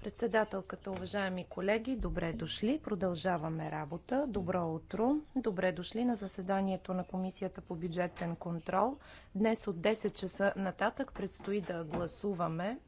Председателката, уважаеми колеги, добре дошли. Продължаваме работа. Добро утро. Добре дошли на заседанието на Комисията по бюджетен контрол. Днес от 10 часа нататък предстои да гласуваме.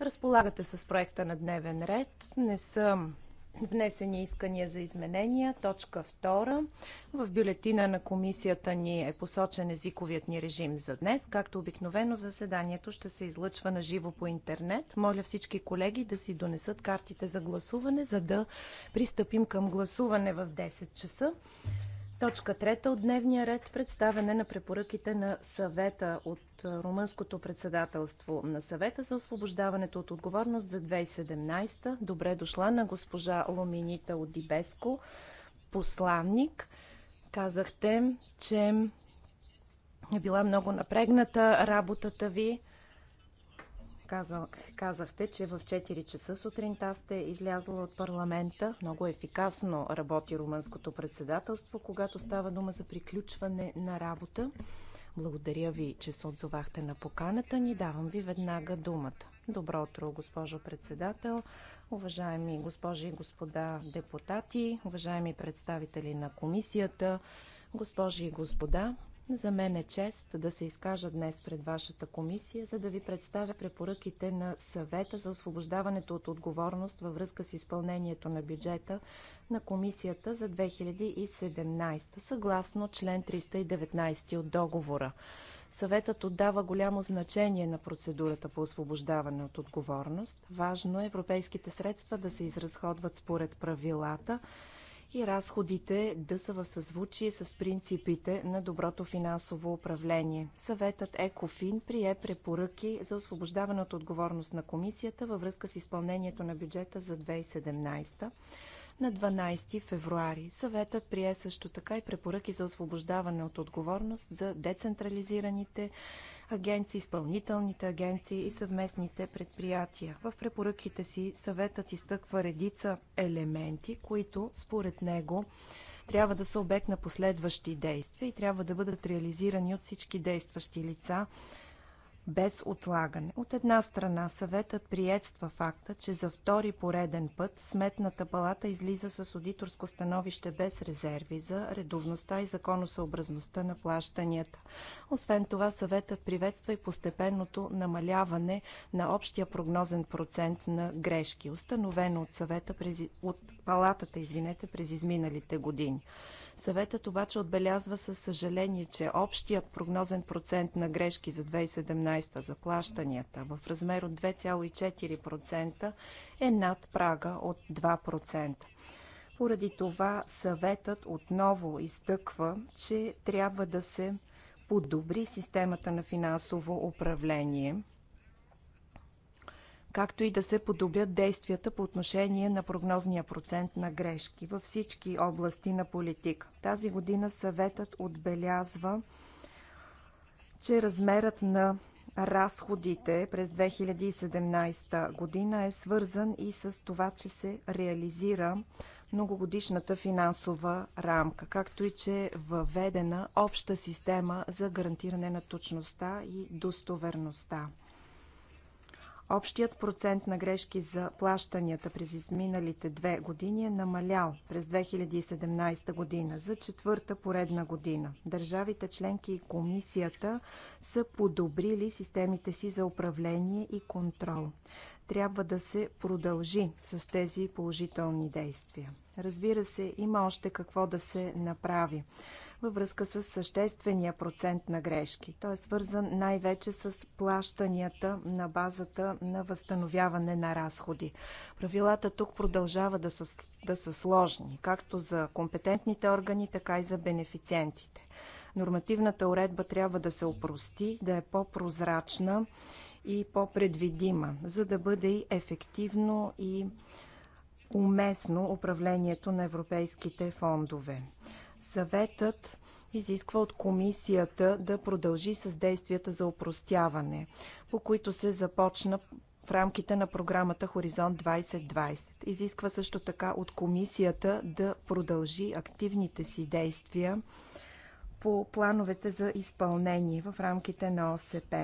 Разполагате с проекта на дневен ред. Не съм внесени искания за изменения. Точка 2. В бюлетина на комисията ни е посочен езиковият ни режим за днес. Както обикновено, заседанието ще се излъчва на живо по интернет. Моля всички колеги да си донесат картите за гласуване, за да пристъпим към гласуване в 10 часа. Точка трета от дневния ред представяне на препоръките на съвета от румънското председателство на съвета за освобождаването от отговорност за 2017. Добре дошла на госпожа Ломинита Одибеско, посланник. Казахте, че е била много напрегната работата ви казахте, че в 4 часа сутринта сте излязла от парламента. Много ефикасно работи румънското председателство, когато става дума за приключване на работа. Благодаря ви, че се отзовахте на поканата ни. Давам ви веднага думата. Добро утро, госпожо председател, уважаеми госпожи и господа депутати, уважаеми представители на комисията, госпожи и господа. За мен е чест да се изкажа днес пред вашата комисия, за да ви представя препоръките на съвета за освобождаването от отговорност във връзка с изпълнението на бюджета на комисията за 2017, съгласно член 319 от договора. Съветът отдава голямо значение на процедурата по освобождаване от отговорност. Важно е европейските средства да се изразходват според правилата и разходите да са в съзвучие с принципите на доброто финансово управление. Съветът ЕКОФИН прие препоръки за освобождаване от отговорност на комисията във връзка с изпълнението на бюджета за 2017 на 12 февруари. Съветът прие също така и препоръки за освобождаване от отговорност за децентрализираните агенции, изпълнителните агенции и съвместните предприятия. В препоръките си съветът изтъква редица елементи, които според него трябва да са обект на последващи действия и трябва да бъдат реализирани от всички действащи лица без отлагане. От една страна съветът приетства факта, че за втори пореден път Сметната палата излиза с аудиторско становище без резерви за редовността и законосъобразността на плащанията. Освен това съветът приветства и постепенното намаляване на общия прогнозен процент на грешки, установено от, съвета през, от палатата извинете, през изминалите години. Съветът обаче отбелязва със съжаление, че общият прогнозен процент на грешки за 2017 за плащанията в размер от 2,4% е над прага от 2%. Поради това съветът отново изтъква, че трябва да се подобри системата на финансово управление – както и да се подобрят действията по отношение на прогнозния процент на грешки във всички области на политика. Тази година съветът отбелязва, че размерът на разходите през 2017 година е свързан и с това, че се реализира многогодишната финансова рамка, както и че е въведена обща система за гарантиране на точността и достоверността. Общият процент на грешки за плащанията през изминалите две години е намалял през 2017 година за четвърта поредна година. Държавите членки и комисията са подобрили системите си за управление и контрол. Трябва да се продължи с тези положителни действия. Разбира се, има още какво да се направи във връзка с съществения процент на грешки. Той е свързан най-вече с плащанията на базата на възстановяване на разходи. Правилата тук продължават да са, да са сложни, както за компетентните органи, така и за бенефициентите. Нормативната уредба трябва да се опрости, да е по-прозрачна и по-предвидима, за да бъде и ефективно и уместно управлението на европейските фондове. Съветът изисква от комисията да продължи с действията за опростяване, по които се започна в рамките на програмата Хоризонт 2020. Изисква също така от комисията да продължи активните си действия по плановете за изпълнение в рамките на ОСП.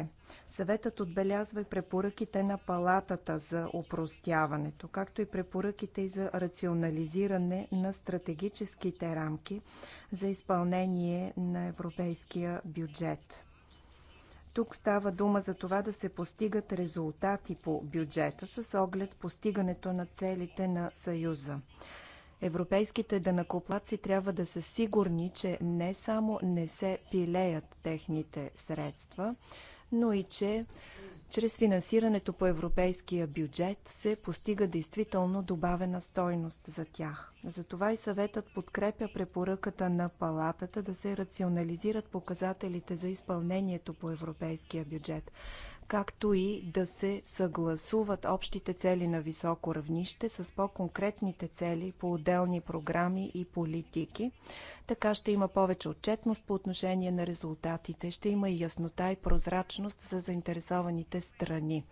Съветът отбелязва и препоръките на палатата за упростяването, както и препоръките и за рационализиране на стратегическите рамки за изпълнение на европейския бюджет. Тук става дума за това да се постигат резултати по бюджета с оглед постигането на целите на Съюза. Европейските данакоплаци трябва да са сигурни, че не само не се пилеят техните средства, но и че чрез финансирането по европейския бюджет се постига действително добавена стойност за тях. Затова и съветът подкрепя препоръката на палатата да се рационализират показателите за изпълнението по европейския бюджет както и да се съгласуват общите цели на високо равнище с по-конкретните цели по отделни програми и политики. Така ще има повече отчетност по отношение на резултатите, ще има и яснота и прозрачност за заинтересованите страни.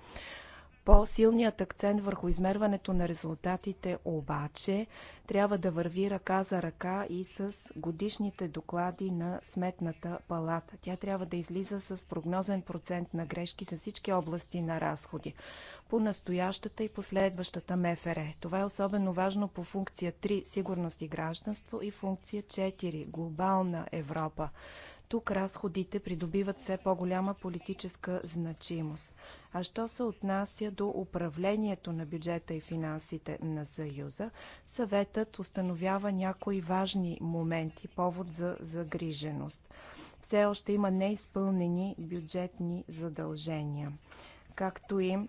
По-силният акцент върху измерването на резултатите обаче трябва да върви ръка за ръка и с годишните доклади на Сметната палата. Тя трябва да излиза с прогнозен процент на грешки за всички области на разходи по настоящата и последващата МФР. Това е особено важно по функция 3 сигурност и гражданство и функция 4 глобална Европа. Тук разходите придобиват все по-голяма политическа значимост. А що се отнася до управлението на бюджета и финансите на Съюза, съветът установява някои важни моменти, повод за загриженост. Все още има неизпълнени бюджетни задължения, както и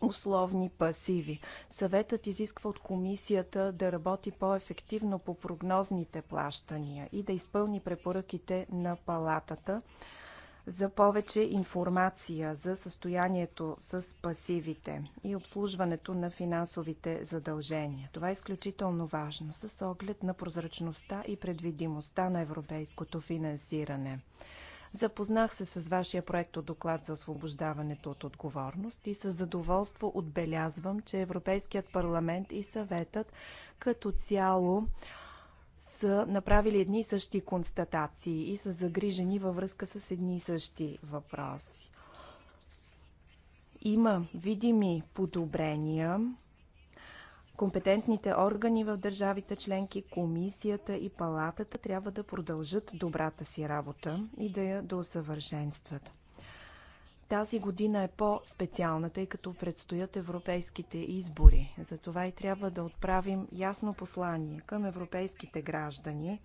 условни пасиви. Съветът изисква от комисията да работи по-ефективно по прогнозните плащания и да изпълни препоръките на палатата за повече информация за състоянието с пасивите и обслужването на финансовите задължения. Това е изключително важно с оглед на прозрачността и предвидимостта на европейското финансиране. Запознах се с вашия проект от доклад за освобождаването от отговорност и с задоволство отбелязвам, че Европейският парламент и съветът като цяло са направили едни и същи констатации и са загрижени във връзка с едни и същи въпроси. Има видими подобрения Компетентните органи в държавите членки, комисията и палатата трябва да продължат добрата си работа и да я доусъвършенстват. Тази година е по-специална, тъй като предстоят европейските избори. Затова и трябва да отправим ясно послание към европейските граждани,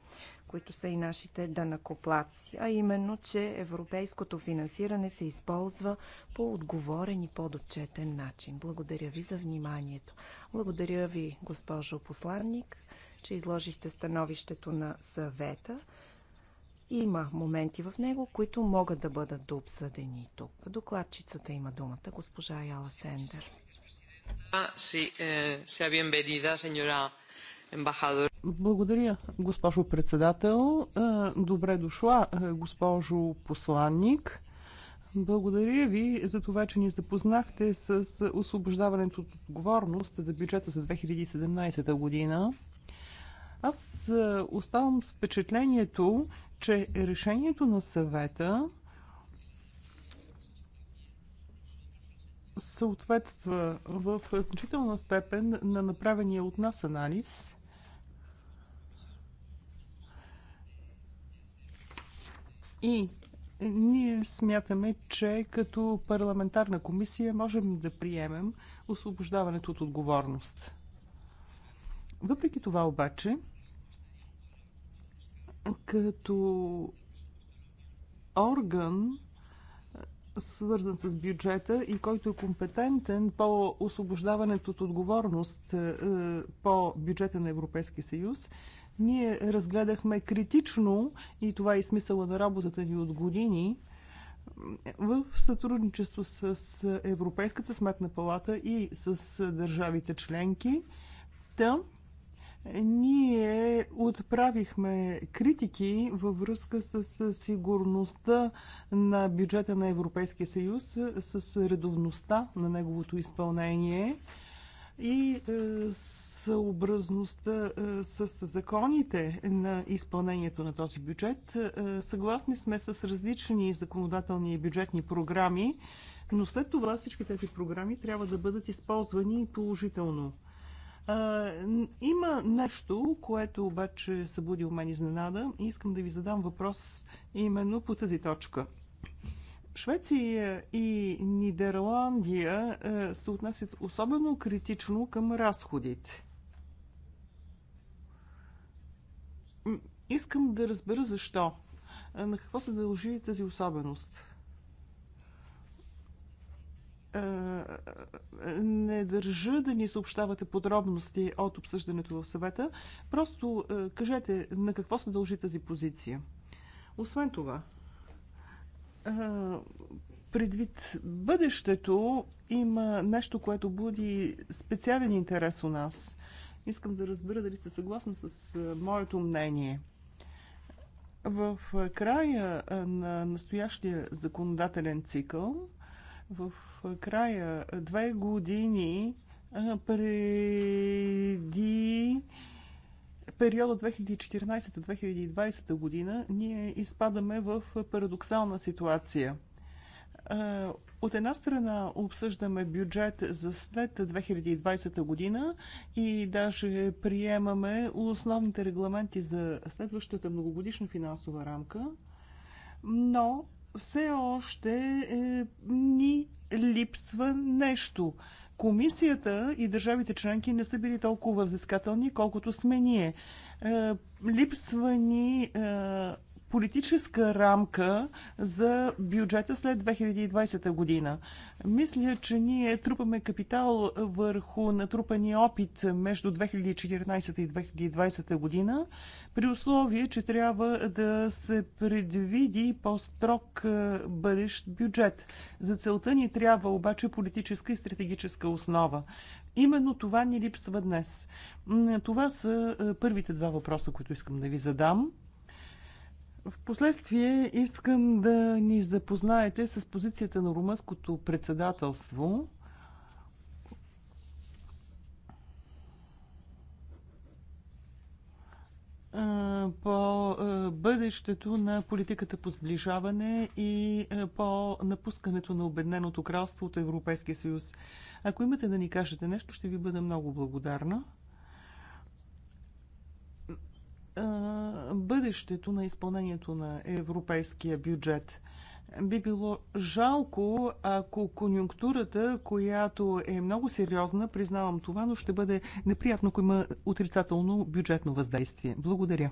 които са и нашите данакоплаци, а именно, че европейското финансиране се използва по отговорен и подотчетен начин. Благодаря ви за вниманието. Благодаря ви, госпожо посланник, че изложихте становището на съвета. Има моменти в него, които могат да бъдат дообсъдени тук. Докладчицата има думата, госпожа Яла Сендер. Е, Благодаря, госпожо председател. Е, добре дошла, е, госпожо посланник. Благодаря ви за това, че ни запознахте с освобождаването от отговорност за бюджета за 2017 година. Аз е, оставам с впечатлението, че решението на съвета съответства в значителна степен на направения от нас анализ. И ние смятаме, че като парламентарна комисия можем да приемем освобождаването от отговорност. Въпреки това обаче, като орган, свързан с бюджета и който е компетентен по освобождаването от отговорност по бюджета на Европейския съюз, ние разгледахме критично, и това е и смисъла на работата ни от години, в сътрудничество с Европейската сметна палата и с държавите членки, там. Ние отправихме критики във връзка с сигурността на бюджета на Европейския съюз, с редовността на неговото изпълнение и е, съобразността е, с законите на изпълнението на този бюджет. Е, съгласни сме с различни законодателни и бюджетни програми, но след това всички тези програми трябва да бъдат използвани положително. Има нещо, което обаче събуди у мен изненада и искам да ви задам въпрос именно по тази точка. Швеция и Нидерландия се отнасят особено критично към разходите. Искам да разбера защо. На какво се дължи тази особеност? Е, не държа да ни съобщавате подробности от обсъждането в съвета. Просто е, кажете на какво се дължи тази позиция. Освен това, е, предвид бъдещето, има нещо, което буди специален интерес у нас. Искам да разбера дали сте съгласна с моето мнение. В края на настоящия законодателен цикъл, в края две години преди периода 2014-2020 година ние изпадаме в парадоксална ситуация. От една страна обсъждаме бюджет за след 2020 година и даже приемаме основните регламенти за следващата многогодишна финансова рамка, но все още е, ни липсва нещо. Комисията и държавите членки не са били толкова взискателни, колкото сме ние. Е, липсва ни е, политическа рамка за бюджета след 2020 година. Мисля, че ние трупаме капитал върху натрупания опит между 2014 и 2020 година, при условие, че трябва да се предвиди по-строг е, бъдещ бюджет. За целта ни трябва обаче политическа и стратегическа основа. Именно това ни липсва днес. Това са е, първите два въпроса, които искам да ви задам. В последствие искам да ни запознаете с позицията на румънското председателство. по бъдещето на политиката по сближаване и по напускането на Обедненото кралство от Европейския съюз. Ако имате да ни кажете нещо, ще ви бъда много благодарна бъдещето на изпълнението на европейския бюджет. Би било жалко, ако конюнктурата, която е много сериозна, признавам това, но ще бъде неприятно, ако има отрицателно бюджетно въздействие. Благодаря.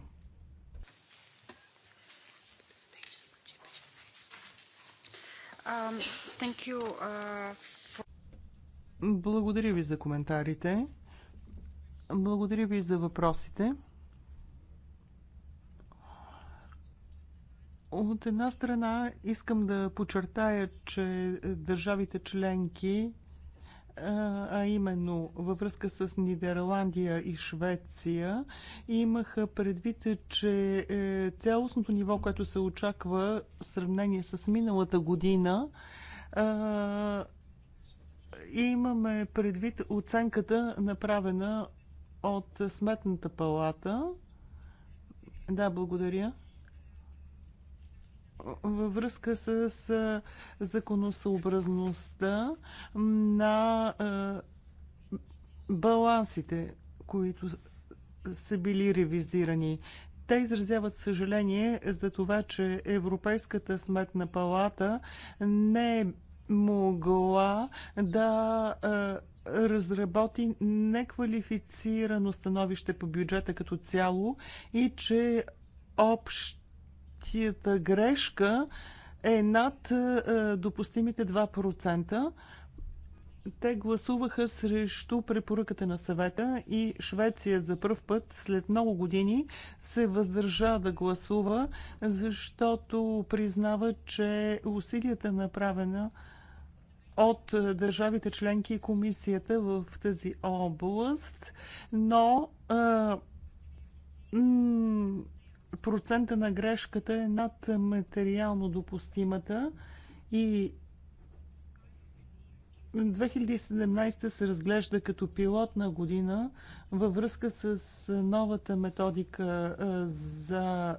Um, uh, Благодаря ви за коментарите. Благодаря ви за въпросите. От една страна искам да подчертая, че държавите членки, а именно във връзка с Нидерландия и Швеция, имаха предвид, че е, цялостното ниво, което се очаква в сравнение с миналата година, имаме предвид оценката направена от Сметната палата. Да, благодаря във връзка с законосъобразността на балансите, които са били ревизирани. Те изразяват съжаление за това, че Европейската сметна палата не е могла да разработи неквалифицирано становище по бюджета като цяло и че общ третията грешка е над е, допустимите 2%. Те гласуваха срещу препоръката на съвета и Швеция за първ път след много години се въздържа да гласува, защото признава, че усилията направена от е, държавите членки и комисията в тази област, но а, е, процента на грешката е над материално допустимата и 2017 се разглежда като пилотна година във връзка с новата методика за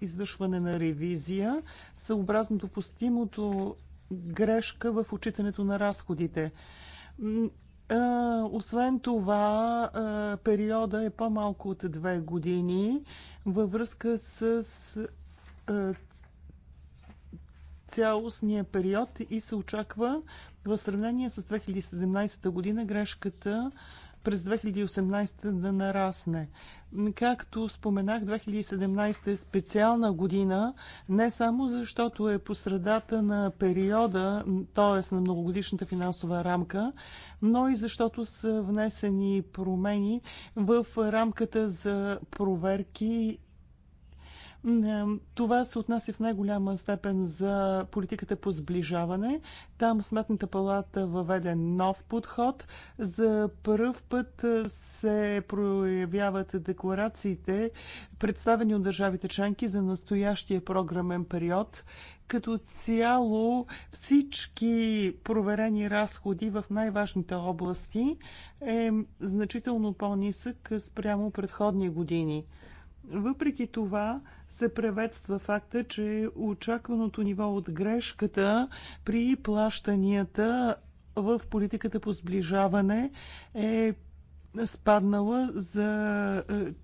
извършване на ревизия, съобразно допустимото грешка в отчитането на разходите. Освен това, периода е по-малко от две години във връзка с цялостния период и се очаква в сравнение с 2017 година грешката през 2018 да нарасне. Както споменах, 2017 е специална година, не само защото е по средата на периода, т.е. на многогодишната финансова рамка, но и защото са внесени промени в рамката за проверки това се отнася в най-голяма степен за политиката по сближаване. Там Сметната палата въведе нов подход. За първ път се проявяват декларациите, представени от държавите членки за настоящия програмен период като цяло всички проверени разходи в най-важните области е значително по-нисък спрямо предходни години. Въпреки това се приветства факта, че очакваното ниво от грешката при плащанията в политиката по сближаване е спаднала за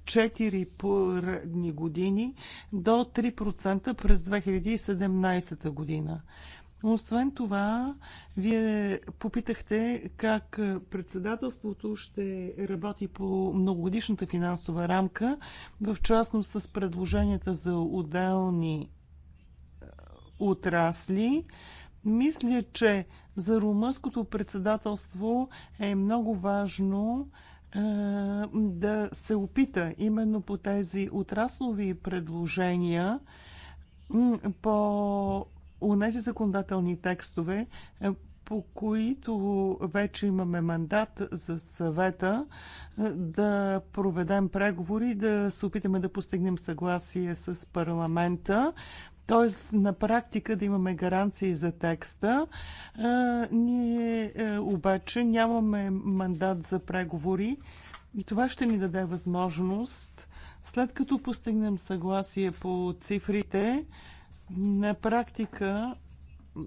4 е, поредни години до 3% през 2017 година. Освен това, вие попитахте как е, председателството ще работи по многогодишната финансова рамка, в частност с предложенията за отделни е, отрасли. Мисля, че за румънското председателство е много важно е, да се опита именно по тези отраслови предложения по унези законодателни текстове, е, по които вече имаме мандат за съвета е, да проведем преговори, да се опитаме да постигнем съгласие с парламента, т.е. на практика да имаме гаранции за текста. Е, ние обаче нямаме мандат за преговори и това ще ни даде възможност, след като постигнем съгласие по цифрите, на практика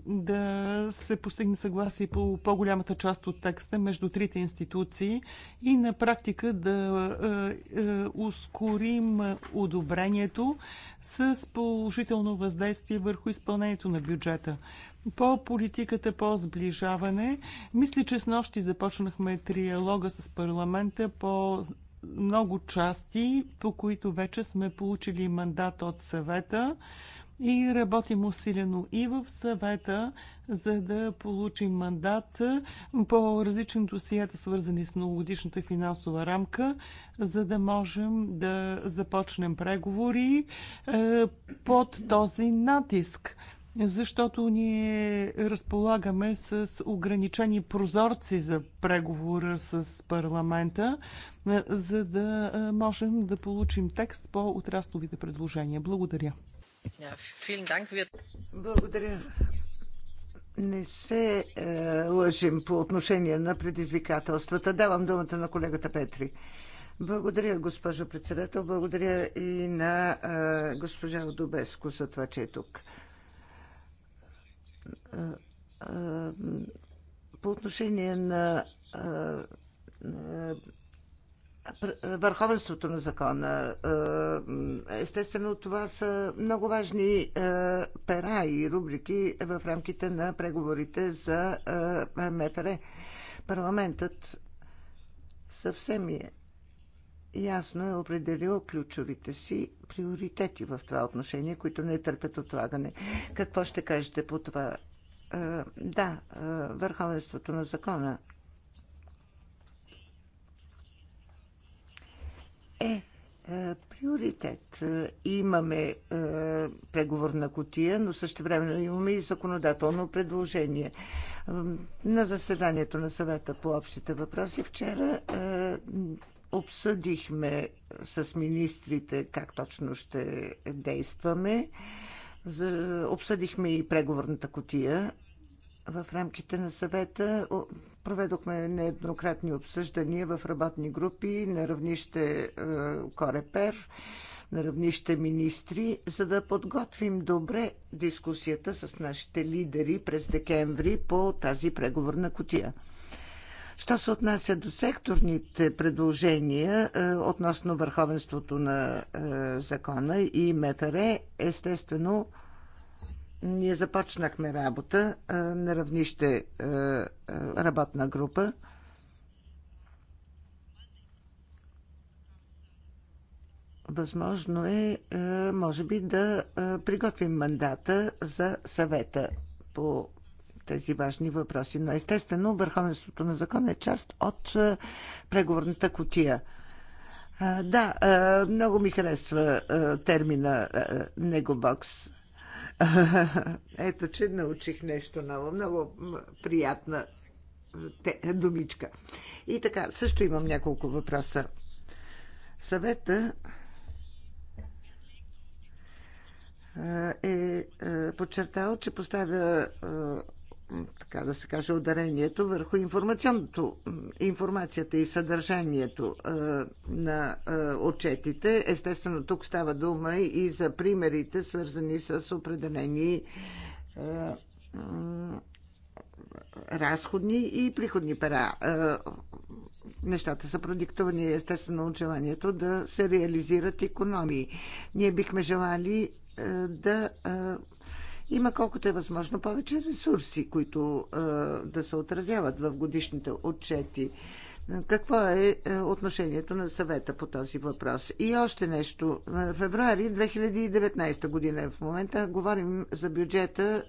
да се постигне съгласие по по-голямата част от текста между трите институции и на практика да е, е, ускорим одобрението с положително въздействие върху изпълнението на бюджета. По политиката по сближаване, мисля, че с нощи започнахме триалога с парламента по много части, по които вече сме получили мандат от съвета и работим усилено и в съвета, за да получим мандат по различни досията, свързани с многогодишната финансова рамка, за да можем да започнем преговори е, под този натиск защото ние разполагаме с ограничени прозорци за преговора с парламента, е, за да е, можем да получим текст по отрасловите предложения. Благодаря. Благодаря. Не се е, лъжим по отношение на предизвикателствата. Давам думата на колегата Петри. Благодаря, госпожо председател. Благодаря и на е, госпожа Добеско за това, че е тук. Е, е, по отношение на. Е, върховенството на закона. Е, естествено, това са много важни е, пера и рубрики в рамките на преговорите за е, МФР. Парламентът съвсем е ясно е определил ключовите си приоритети в това отношение, които не търпят отлагане. Какво ще кажете по това? Да, върховенството на закона Е, е приоритет. Е, имаме е, преговорна котия, но също време имаме и законодателно предложение. На заседанието на съвета по общите въпроси вчера обсъдихме с министрите как точно ще действаме. Обсъдихме и преговорната котия в рамките на съвета проведохме нееднократни обсъждания в работни групи на равнище е, Корепер, на равнище министри, за да подготвим добре дискусията с нашите лидери през декември по тази преговорна котия. Що се отнася до секторните предложения е, относно върховенството на е, закона и МФР, естествено, ние започнахме работа на равнище работна група. Възможно е, може би, да приготвим мандата за съвета по тези важни въпроси. Но естествено, върховенството на закон е част от преговорната котия. Да, много ми харесва термина Негобокс. Ето, че научих нещо ново. Много приятна думичка. И така, също имам няколко въпроса. Съвета е подчертал, че поставя така да се каже, ударението върху информационното, информацията и съдържанието е, на е, отчетите. Естествено, тук става дума и за примерите, свързани с определени е, разходни и приходни пера. Е, нещата са продиктовани естествено от желанието да се реализират економии. Ние бихме желали е, да е, има колкото е възможно повече ресурси, които да се отразяват в годишните отчети. Какво е, е отношението на съвета по този въпрос? И още нещо. В Февруари 2019 година е в момента. Говорим за бюджета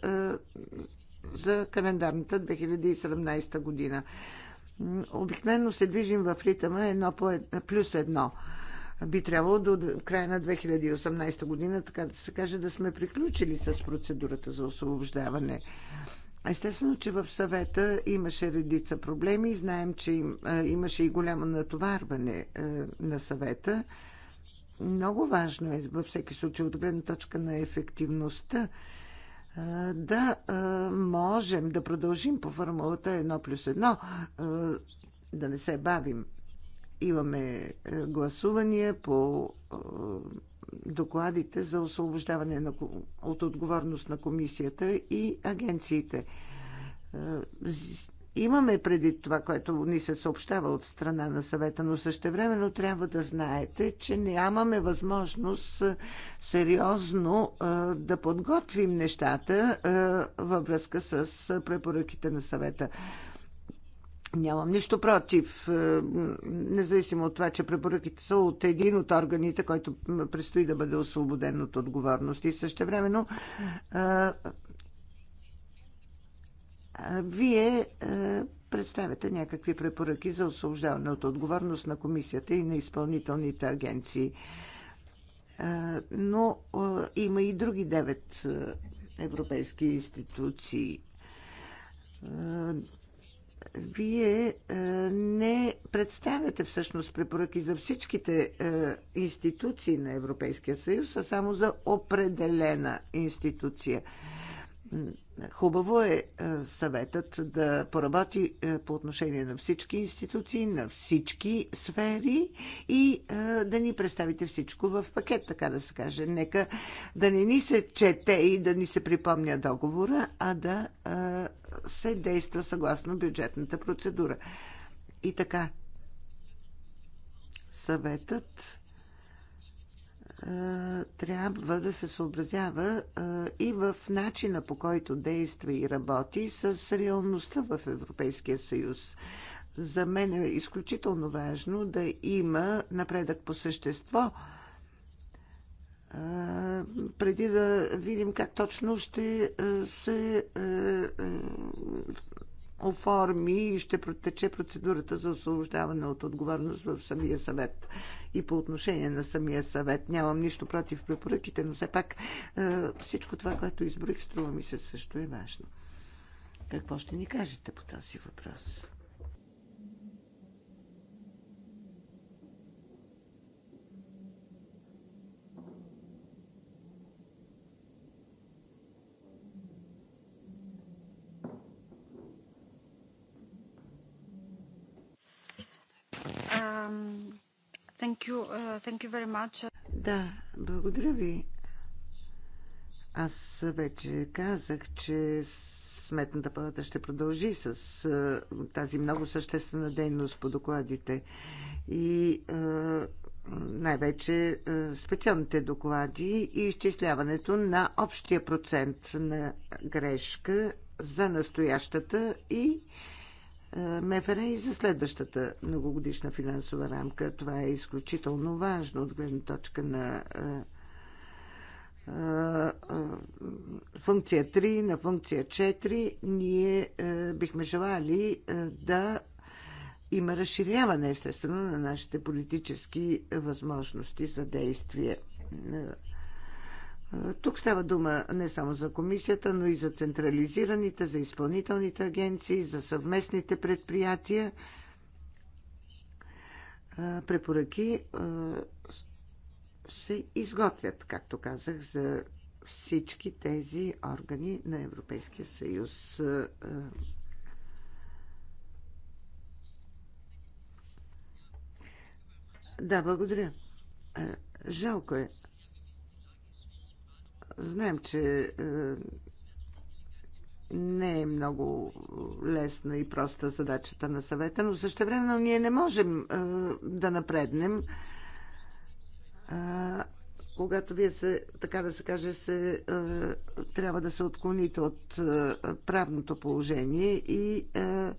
за календарната 2017 година. Обикновено се движим в ритъма едно по едно, плюс едно би трябвало до края на 2018 година, така да се каже, да сме приключили с процедурата за освобождаване. Естествено, че в съвета имаше редица проблеми. Знаем, че имаше и голямо натоварване на съвета. Много важно е, във всеки случай, от гледна точка на ефективността, да можем да продължим по формулата 1 плюс 1, да не се бавим. Имаме е, гласувания по е, докладите за освобождаване на, от отговорност на комисията и агенциите. Е, имаме предвид това, което ни се съобщава от страна на съвета, но същевременно трябва да знаете, че нямаме възможност сериозно да подготвим нещата във връзка с препоръките на съвета. Нямам нищо против, е, независимо от това, че препоръките са от един от органите, който предстои да бъде освободен от отговорност. И също времено е, е, вие представяте някакви препоръки за освобождаване от отговорност на комисията и на изпълнителните агенции. Но има и други девет европейски институции вие е, не представяте всъщност препоръки за всичките е, институции на Европейския съюз, а само за определена институция. Хубаво е, е съветът да поработи по отношение на всички институции, на всички сфери и да ни представите всичко в пакет, така да се каже. Нека да не ни се чете и да ни се припомня договора, а да се действа съгласно бюджетната процедура. И така, съветът е, трябва да се съобразява е, и в начина по който действа и работи с реалността в Европейския съюз. За мен е изключително важно да има напредък по същество – преди да видим как точно ще се оформи и ще протече процедурата за освобождаване от отговорност в самия съвет. И по отношение на самия съвет нямам нищо против препоръките, но все пак всичко това, което изброих, струва ми се също е важно. Какво ще ни кажете по този въпрос? Um, thank you, uh, thank you very much. Да, благодаря ви. Аз вече казах, че Сметната палата ще продължи с тази много съществена дейност по докладите и най-вече специалните доклади и изчисляването на общия процент на грешка за настоящата и е, МФР и за следващата многогодишна финансова рамка. Това е изключително важно от гледна точка на е, е, функция 3, на функция 4. Ние бихме желали да има разширяване, естествено, на нашите политически възможности за действие тук става дума не само за комисията, но и за централизираните, за изпълнителните агенции, за съвместните предприятия. Препоръки се изготвят, както казах, за всички тези органи на Европейския съюз. Да, благодаря. Жалко е Знаем, че е, не е много лесна и проста задачата на съвета, но също време ние не можем е, да напреднем, е, когато вие се, така да се каже, се, е, трябва да се отклоните от е, правното положение и е,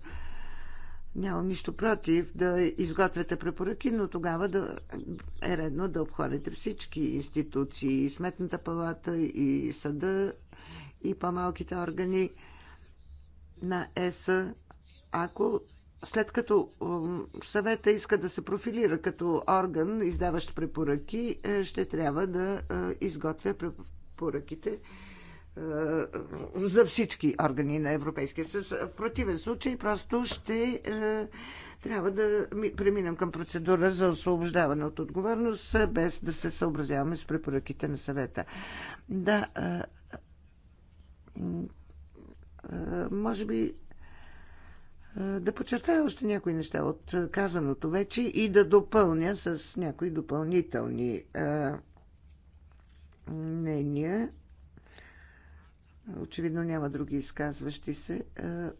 Нямам нищо против да изготвяте препоръки, но тогава да е редно да обхванете всички институции, и Сметната палата, и съда, и по-малките органи на ЕС. Ако след като съвета иска да се профилира като орган, издаващ препоръки, е, ще трябва да е, изготвя препоръките е, за всички органи на Европейския съюз. В противен случай просто ще е, трябва да преминем към процедура за освобождаване от отговорност, без да се съобразяваме с препоръките на съвета. Да, е, може би да подчертая още някои неща от казаното вече и да допълня с някои допълнителни мнения. Очевидно няма други изказващи се. Е, е,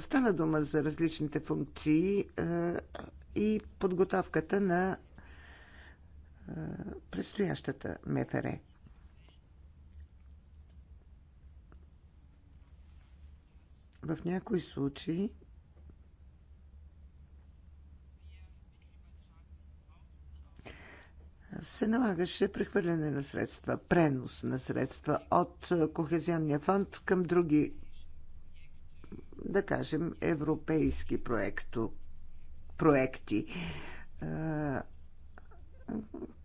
стана дума за различните функции е, и подготовката на предстоящата МФР. В някои случаи се налагаше прехвърляне на средства, пренос на средства от Кохезионния фонд към други, да кажем, европейски проекто, проекти.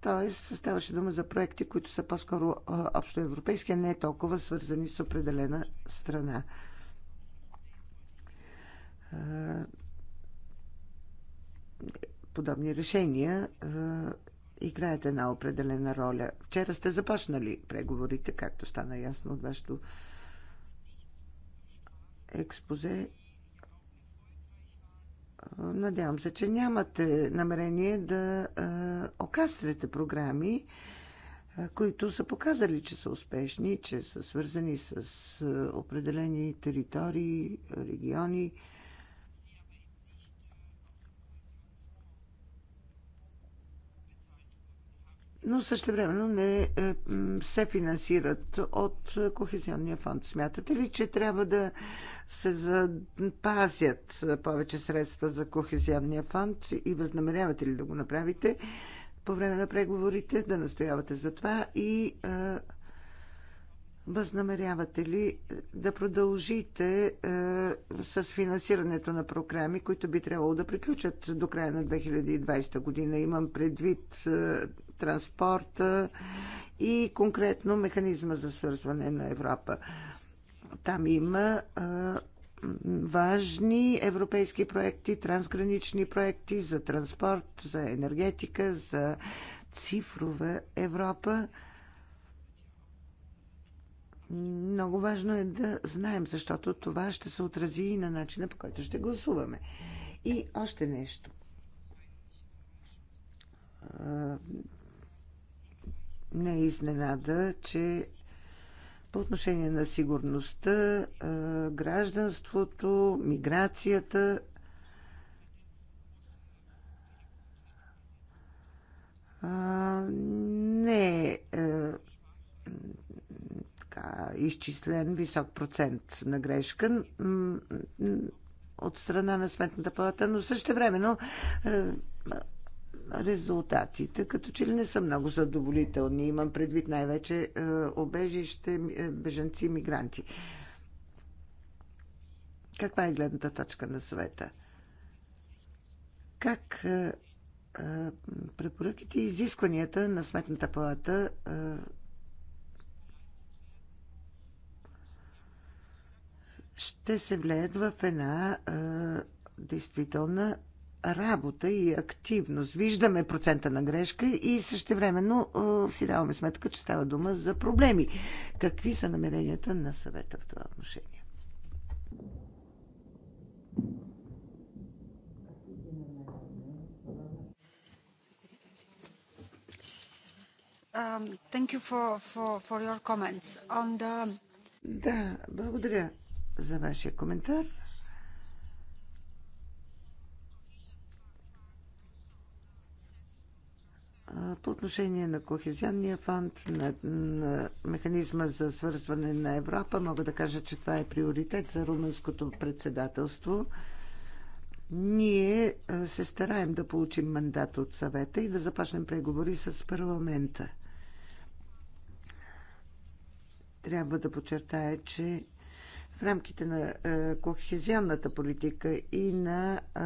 Тоест, ставаше дума за проекти, които са по-скоро общоевропейски, а не е толкова свързани с определена страна. Подобни решения играят една определена роля. Вчера сте започнали преговорите, както стана ясно от вашето експозе. Надявам се, че нямате намерение да е, окастрите програми, е, които са показали, че са успешни, че са свързани с е, определени територии, региони. Е, но също времено не е, се финансират от Кохезионния фонд. Смятате ли, че трябва да се запазят повече средства за Кохезионния фонд и възнамерявате ли да го направите по време на преговорите, да настоявате за това и е, Възнамерявате ли е, да продължите е, с финансирането на програми, които би трябвало да приключат до края на 2020 година? Имам предвид е, транспорта и конкретно механизма за свързване на Европа. Там има е, важни европейски проекти, трансгранични проекти за транспорт, за енергетика, за цифрова Европа. Много важно е да знаем, защото това ще се отрази и на начина по който ще гласуваме. И още нещо. Не е изненада, че по отношение на сигурността, гражданството, миграцията, не е изчислен висок процент на грешка от страна на Сметната палата, но също времено е, резултатите като че ли не са много задоволителни. Имам предвид най-вече е, обежище, е, беженци, мигранти. Каква е гледната точка на съвета? Как препоръките и изискванията на Сметната палата ще се влеят в една а, действителна работа и активност. Виждаме процента на грешка и същевременно а, си даваме сметка, че става дума за проблеми. Какви са намеренията на съвета в това отношение? Um, thank you for, for, for your comments. On the... Да, благодаря за вашия коментар. По отношение на Кохезионния фонд, на, на механизма за свързване на Европа, мога да кажа, че това е приоритет за румънското председателство. Ние се стараем да получим мандат от съвета и да започнем преговори с парламента. Трябва да подчертая, че в рамките на е, кохезионната политика и на е,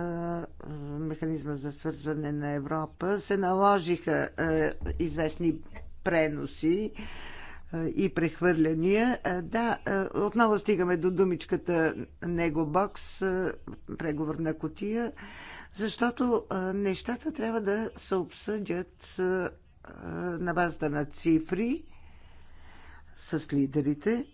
механизма за свързване на Европа се наложиха е, известни преноси и прехвърляния. Да, отново стигаме до думичката Него Бокс, преговорна котия, защото нещата трябва да се обсъдят на базата на цифри с лидерите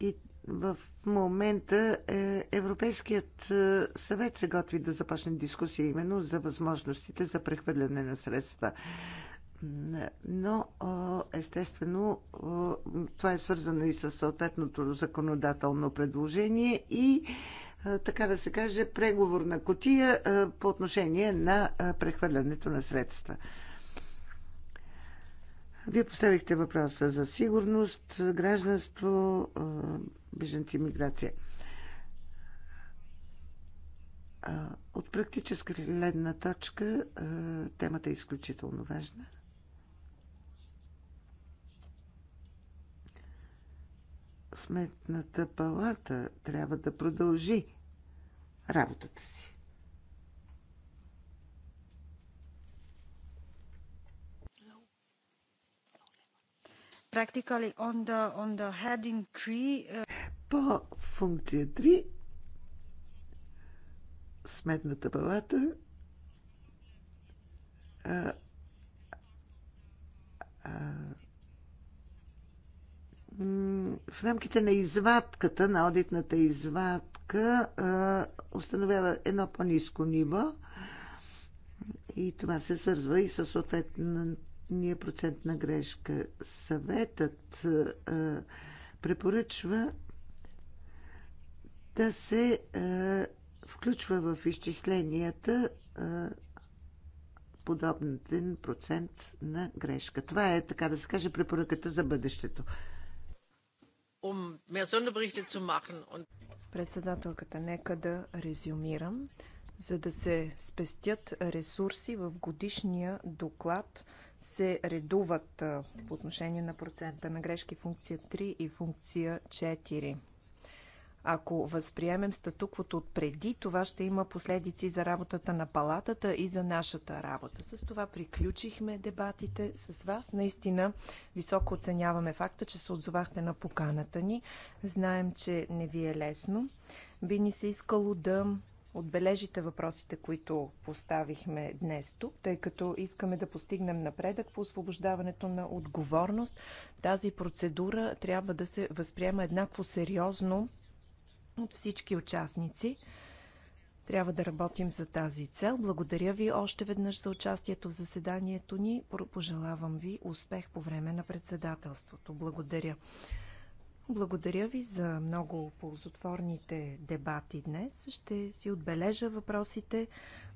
И в момента е, Европейският е, съвет се готви да започне дискусия именно за възможностите за прехвърляне на средства. Но, е, естествено, това е свързано и с съответното законодателно предложение и, така да се каже, преговорна котия по отношение на прехвърлянето на средства. Вие поставихте въпроса за сигурност, гражданство, беженци, миграция. От практическа гледна точка темата е изключително важна. Сметната палата трябва да продължи работата си. practically on the, on the heading 3. Uh, По функция 3 сметната палата в рамките на извадката, на одитната извадка, а, установява едно по-низко ниво и това се свързва и със съответната Процент процентна грешка. Съветът препоръчва да се включва в изчисленията подобен процент на грешка. Това е, така да се каже, препоръката за бъдещето. Um Председателката, нека да резюмирам. За да се спестят ресурси в годишния доклад се редуват по отношение на процента на грешки функция 3 и функция 4. Ако възприемем статуквото от преди, това ще има последици за работата на палатата и за нашата работа. С това приключихме дебатите с вас. Наистина високо оценяваме факта, че се отзовахте на поканата ни. Знаем, че не ви е лесно. Би ни се искало да отбележите въпросите, които поставихме днес тук, тъй като искаме да постигнем напредък по освобождаването на отговорност. Тази процедура трябва да се възприема еднакво сериозно от всички участници. Трябва да работим за тази цел. Благодаря ви още веднъж за участието в заседанието ни. Пожелавам ви успех по време на председателството. Благодаря. Благодаря ви за много ползотворните дебати днес. Ще си отбележа въпросите,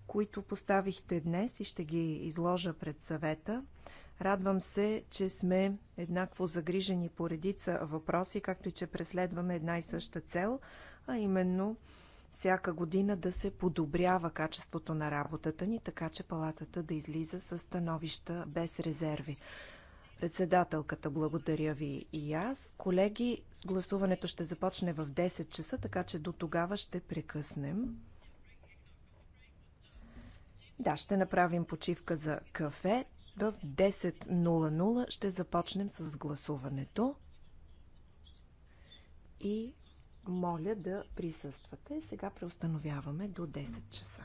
които поставихте днес и ще ги изложа пред съвета. Радвам се, че сме еднакво загрижени по редица въпроси, както и че преследваме една и съща цел, а именно всяка година да се подобрява качеството на работата ни, така че палатата да излиза с становища без резерви. Председателката, благодаря ви и аз. Колеги, с гласуването ще започне в 10 часа, така че до тогава ще прекъснем. Да, ще направим почивка за кафе. В 10.00 ще започнем с гласуването. И моля да присъствате. Сега преустановяваме до 10 часа.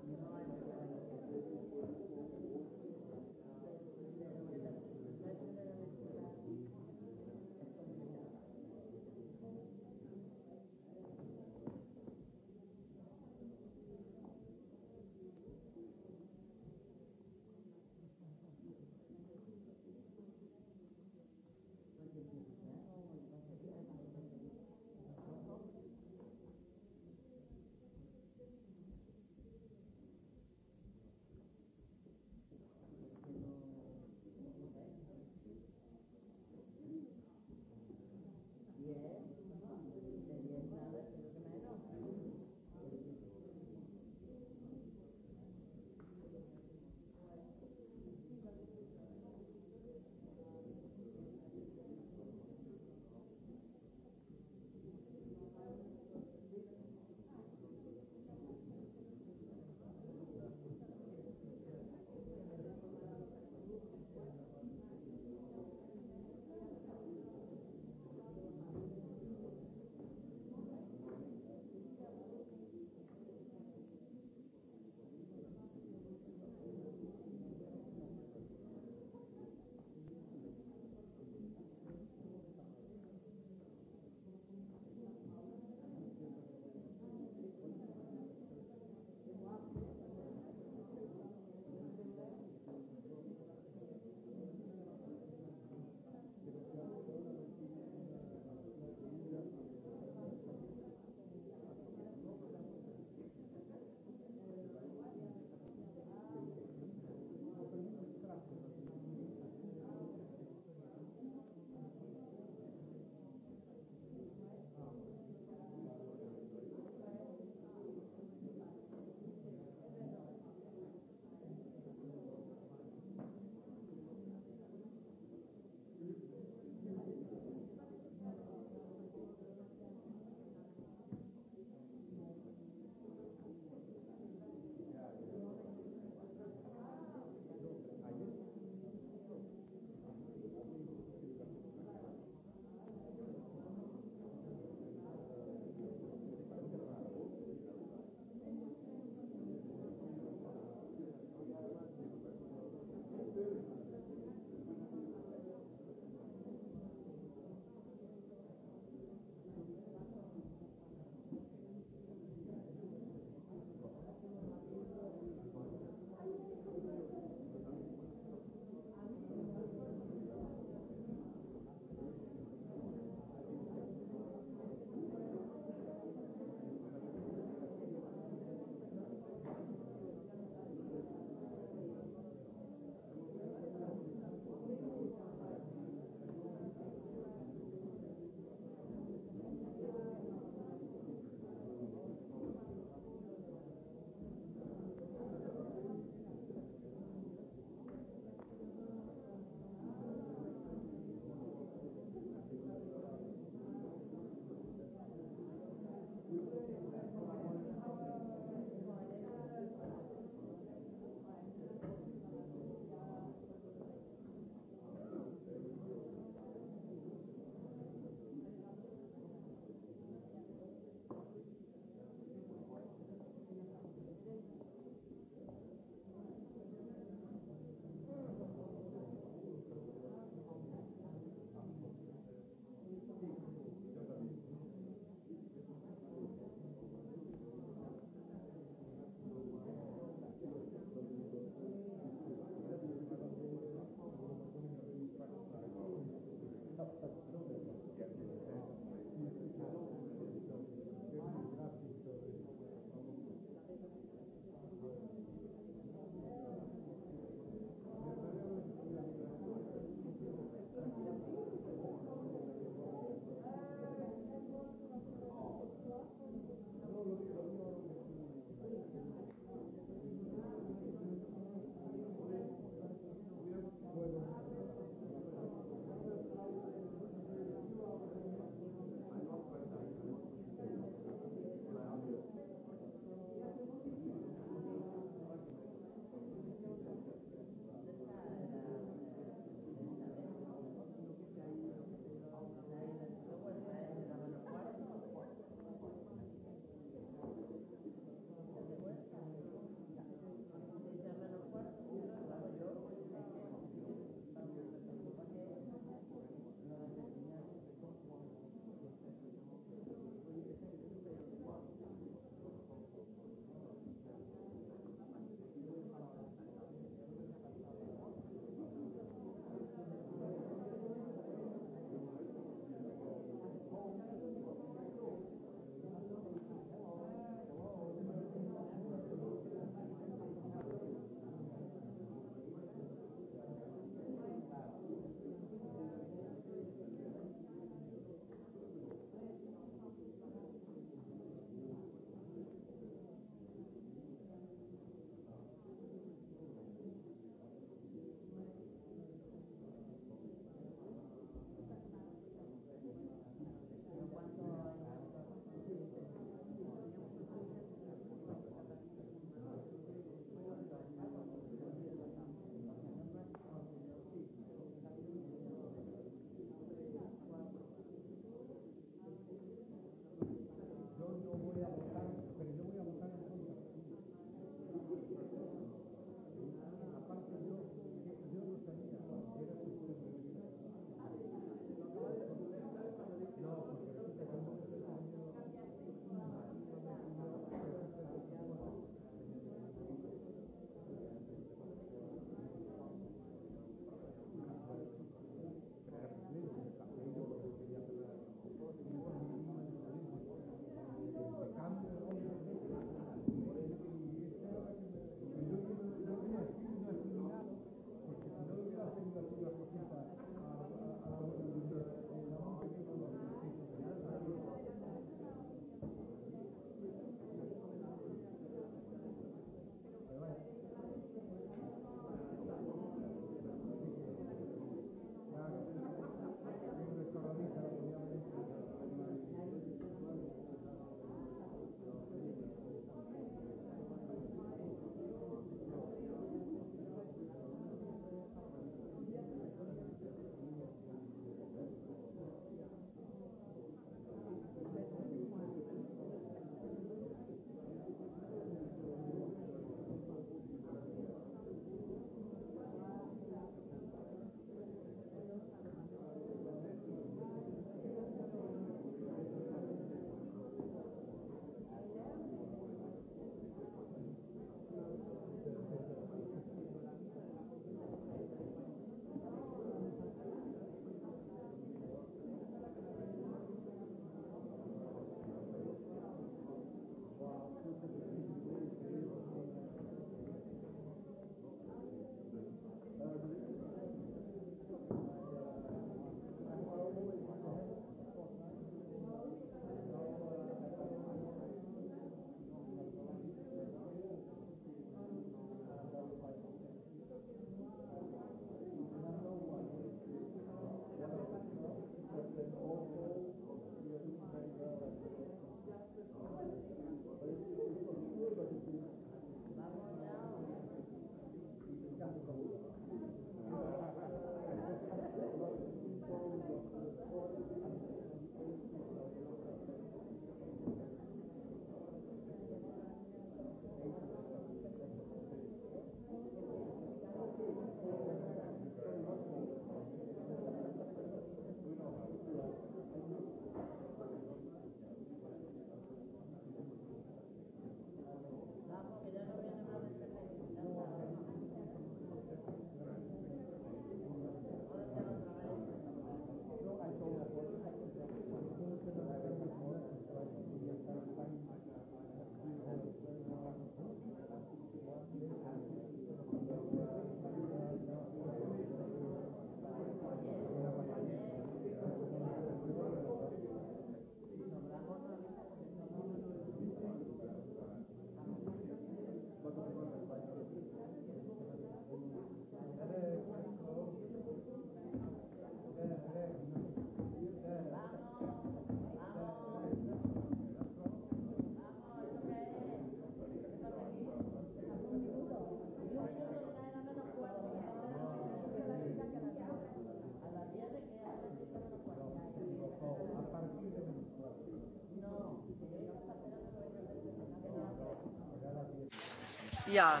Yeah.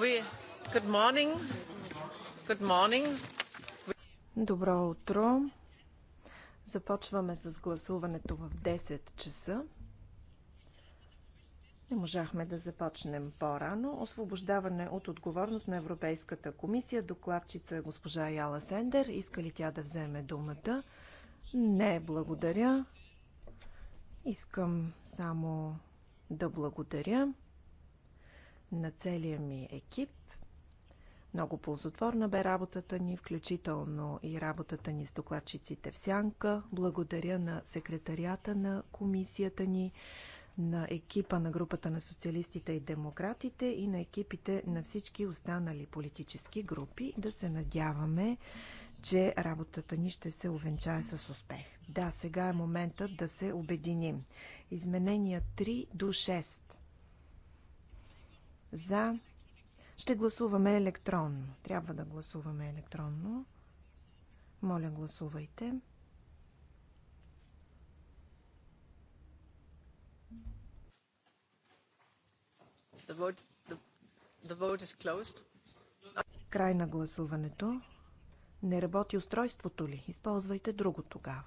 We... Good morning. Good morning. Добро утро. Започваме с гласуването в 10 часа. Не можахме да започнем по-рано. Освобождаване от отговорност на Европейската комисия. Докладчица е госпожа Яла Сендер. Иска ли тя да вземе думата? Не, благодаря. Искам само да благодаря на целия ми екип. Много ползотворна бе работата ни, включително и работата ни с докладчиците в Сянка. Благодаря на секретарията на комисията ни, на екипа на групата на социалистите и демократите и на екипите на всички останали политически групи. Да се надяваме, че работата ни ще се увенчае с успех. Да, сега е моментът да се обединим. Изменения 3 до 6 за. Ще гласуваме електронно. Трябва да гласуваме електронно. Моля, гласувайте. The vote, the, the vote is closed. Край на гласуването. Не работи устройството ли? Използвайте друго тогава.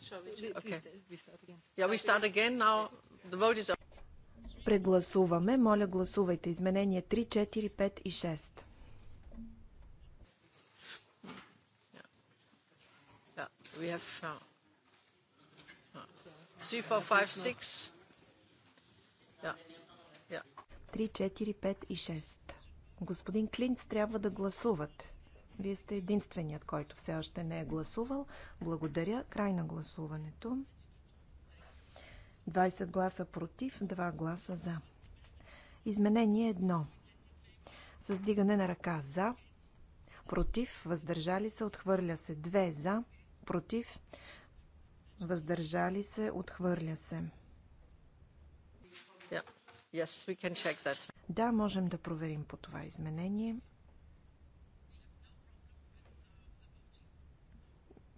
Okay. Yeah, we start again now. The vote is прегласуваме. Моля, гласувайте Изменение 3, 4, 5 и 6. We have uh, uh, three, four, five, six. Yeah. Yeah. 3, 4, 5 и 6. Господин Клинц трябва да гласуват. Вие сте единственият, който все още не е гласувал. Благодаря. Край на гласуването. 20 гласа против, 2 гласа за. Изменение 1. Създигане на ръка за, против, въздържали се, отхвърля се. 2 за, против, въздържали се, отхвърля се. Yeah. Yes, we can check that. Да, можем да проверим по това изменение.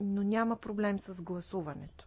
Но няма проблем с гласуването.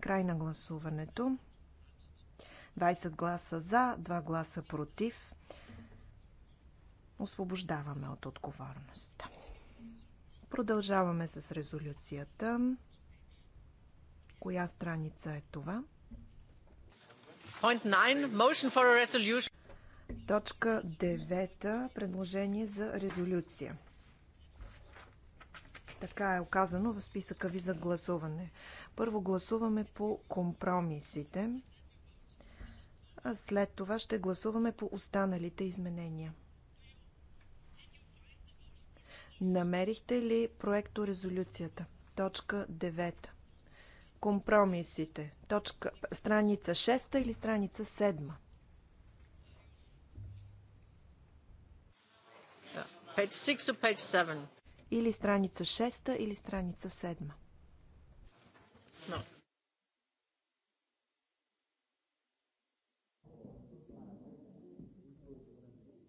Край на гласуването. 20 гласа за, 2 гласа против. Освобождаваме от отговорност. Продължаваме с резолюцията. Коя страница е това? Point 9. Motion for a resolution. Точка 9. Предложение за резолюция. Така е оказано в списъка ви за гласуване. Първо гласуваме по компромисите, а след това ще гласуваме по останалите изменения. Намерихте ли проекто резолюцията? Точка 9. Компромисите. Точка, страница 6 или страница 7? Page 6 or page 7? Или страница 6, или страница 7. No.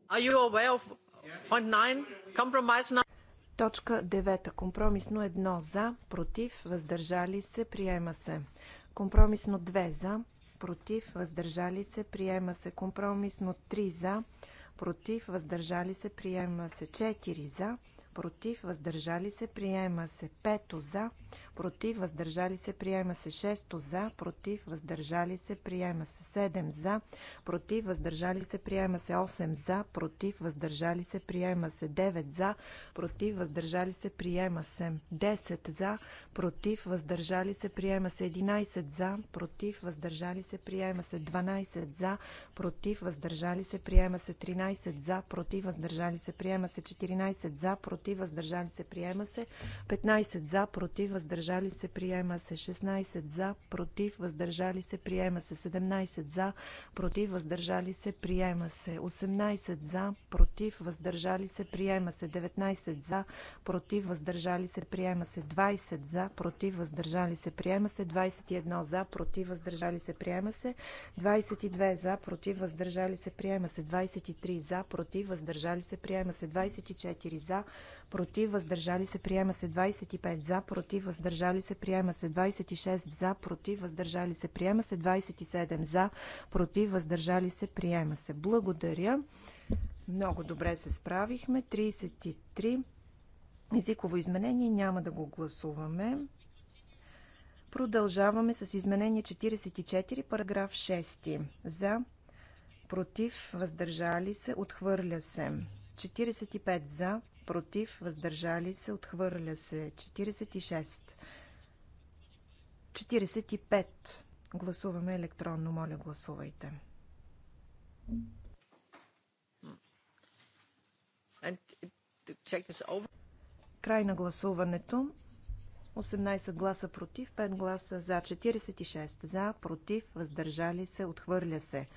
Are you aware of point 9? Compromise 9? Точка 9. Компромисно 1 за, против, въздържали се, приема се. Компромисно 2 за, против, въздържали се, приема се. Компромисно 3 за, против, въздържали се, приема се. 4 за, против, въздържали се, приема се. Пето за, против, въздържали се, приема се. Шесто за, против, въздържали се, приема се. Седем за, против, въздържали се, приема се. Осем за, против, въздържали се, приема се. Девет за, против, въздържали се, приема се. Десет за, против, въздържали се, приема се. Единайсет за, против, въздържали се, приема се. Дванайсет за, против, въздържали се, приема се. Тринайсет за, против, въздържали се, приема се. Четиринайсет за, против, против, въздържали се, приема се. 15 за, против, въздържали се, приема се. 16 за, против, въздържали се, приема се. 17 за, против, въздържали се, приема се. 18 за, против, въздържали се, приема се. 19 за, против, въздържали се, приема се. 20 за, против, въздържали се, приема се. 21 за, против, въздържали се, приема се. 22 за, против, въздържали се, приема се. 23 за, против, въздържали се, приема се. 24 за, против, въздържали се, приема се 25 за, против, въздържали се, приема се 26 за, против, въздържали се, приема се 27 за, против, въздържали се, приема се. Благодаря. Много добре се справихме. 33 езиково изменение няма да го гласуваме. Продължаваме с изменение 44, параграф 6. За, против, въздържали се, отхвърля се. 45 за, против, въздържали се, отхвърля се. 46. 45. Гласуваме електронно. Моля, гласувайте. Край на гласуването. 18 гласа против, 5 гласа за, 46 за, против, въздържали се, отхвърля се.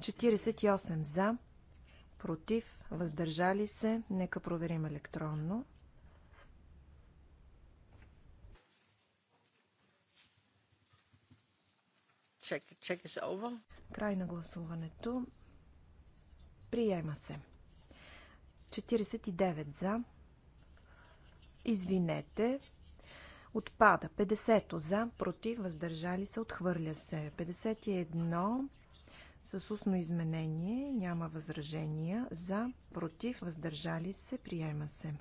48 за, против, въздържали се. Нека проверим електронно. Check, check is over. Край на гласуването. Приема се. 49 за. Извинете. Отпада. 50 за. Против. Въздържали се. Отхвърля се. 51 с устно изменение няма възражения. За, против, въздържали се, приема се.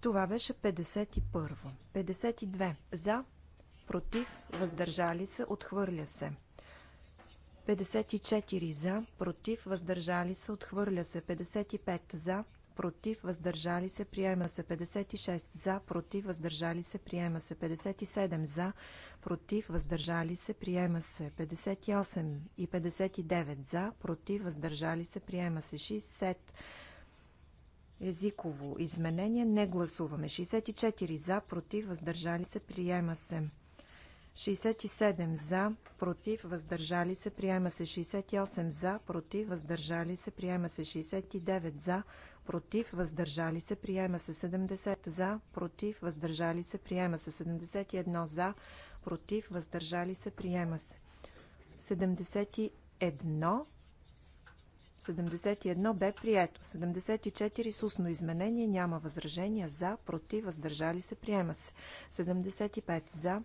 Това беше 51. 52. За, против, въздържали се, отхвърля се. 54 за, против, въздържали се, отхвърля се. 55 за, против, въздържали се, приема се 56 за, против, въздържали се, приема се 57 за, против, въздържали се, приема се 58 и 59 за, против, въздържали се, приема се 60 езиково изменение. Не гласуваме. 64 за, против, въздържали се, приема се. 67 за, против, въздържали се, приема се 68 за, против, въздържали се, приема се 69 за, против, въздържали се, приема се 70 за, против, въздържали се, приема се 71 за, против, въздържали се, приема се 71 71 бе прието. 74 с устно изменение няма възражения за, против, въздържали се, приема се. 75 за,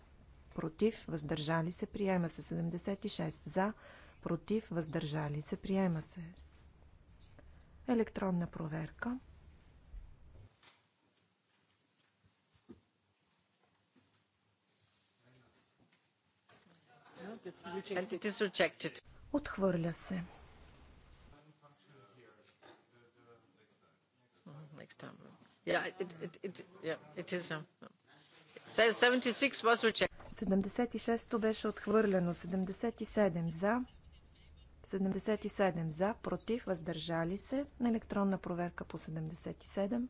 против, въздържали се, приема се. 76 за, против, въздържали се, приема се. Електронна проверка. Отхвърля се. Yeah, it, it, it, yeah, it is. Um, 76 was rejected. 76-то беше отхвърлено. 77 за. 77 за, против, въздържали се. На електронна проверка по 77.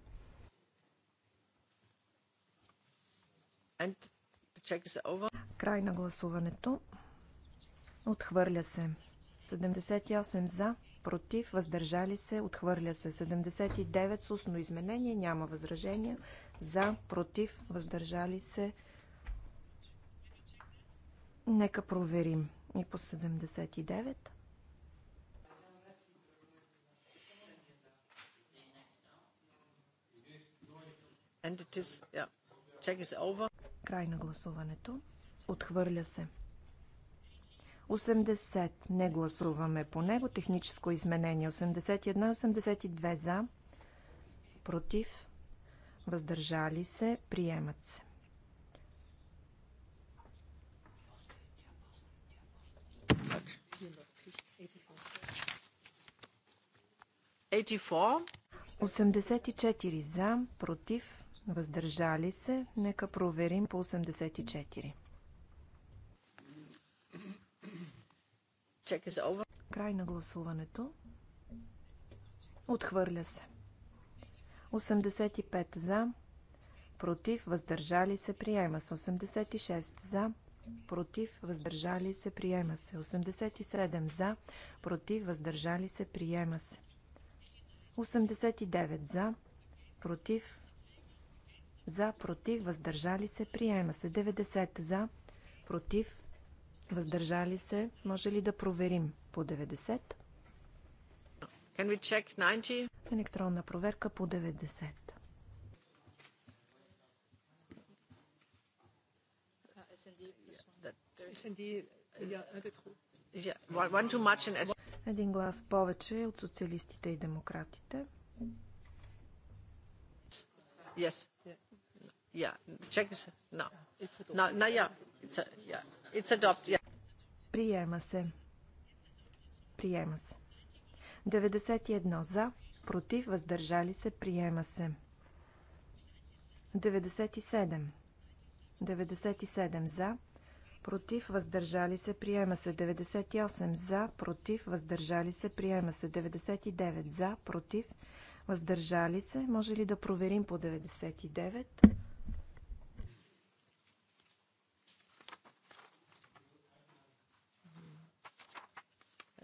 Край на гласуването. Отхвърля се. 78 за, против, въздържали се, отхвърля се. 79 с устно изменение, няма възражения. За, против, въздържали се, Нека проверим и по 79. And it is, yeah. Check is over. Край на гласуването. Отхвърля се. 80. Не гласуваме по него. Техническо изменение. 81 и 82 за. Против. Въздържали се. Приемат се. hat. 84 за, против, въздържали се. Нека проверим по 84. Край на гласуването. Отхвърля се. 85 за, против, въздържали се, приема с 86 за, против, въздържали се, приема се. 87 за, против, въздържали се, приема се. 89 за, против, за, против, въздържали се, приема се. 90 за, против, въздържали се. Може ли да проверим по 90? Can we check 90? Електронна проверка по 90. Един глас повече от социалистите и демократите. Yes. Yeah. Check no. No, no, yeah. It's a, yeah. It's adopt. Yeah. Приема се. Приема се. 91 за, против, въздържали се, приема се. 97. 97 за, против, въздържали се, приема се 98 за, против, въздържали се, приема се 99 за, против, въздържали се. Може ли да проверим по 99?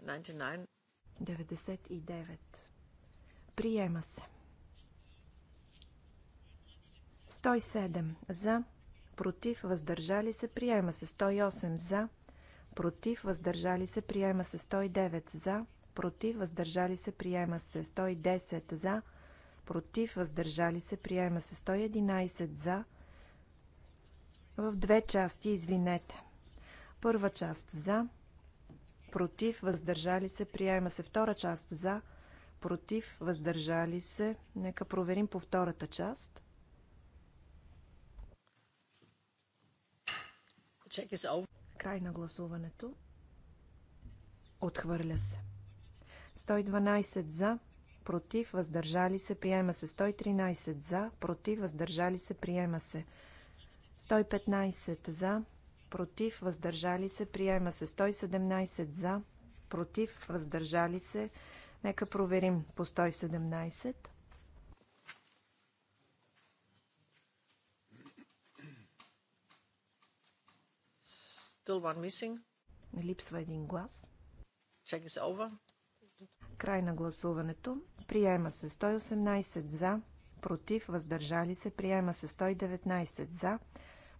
Ninety 99. Приема се. 107 за, против, въздържали се, приема се 108 за, против, въздържали се, приема се 109 за, против, въздържали се, приема се 110 за, против, въздържали се, приема се 111 за, в две части, извинете. Първа част за, против, въздържали се, приема се втора част за, против, въздържали се. Нека проверим по втората част. Край на гласуването. Отхвърля се. 112 за, против, въздържали се, приема се. 113 за, против, въздържали се, приема се. 115 за, против, въздържали се, приема се. 117 за, против, въздържали се. Нека проверим по 117. Still one missing. Липсва един глас. Check is over. Край на гласуването. Приема се 118 за, против, въздържали се. Приема се 119 за,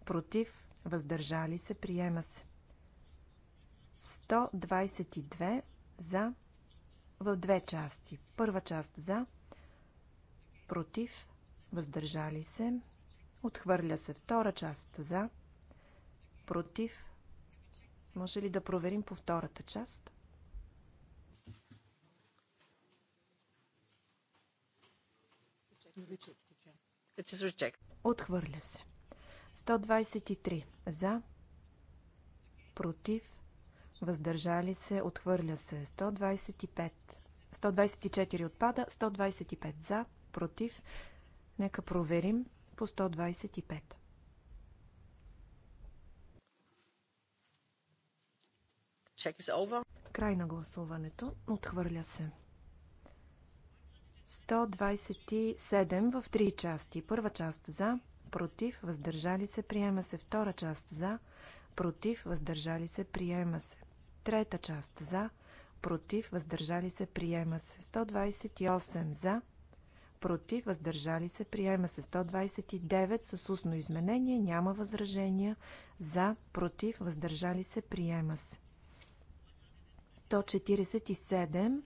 против, въздържали се. Приема се 122 за в две части. Първа част за, против, въздържали се. Отхвърля се втора част за, против, може ли да проверим по втората част? Отхвърля се. 123 за, против, въздържали се, отхвърля се. 125. 124 отпада, 125 за, против. Нека проверим по 125. Край на гласуването. Отхвърля се. 127 в три части. Първа част за, против, въздържали се, приема се. Втора част за, против, въздържали се, приема се. Трета част за, против, въздържали се, приема се. 128 за, против, въздържали се, приема се 129 с устно изменение, няма възражения, за, против, въздържали се, приема се. 147,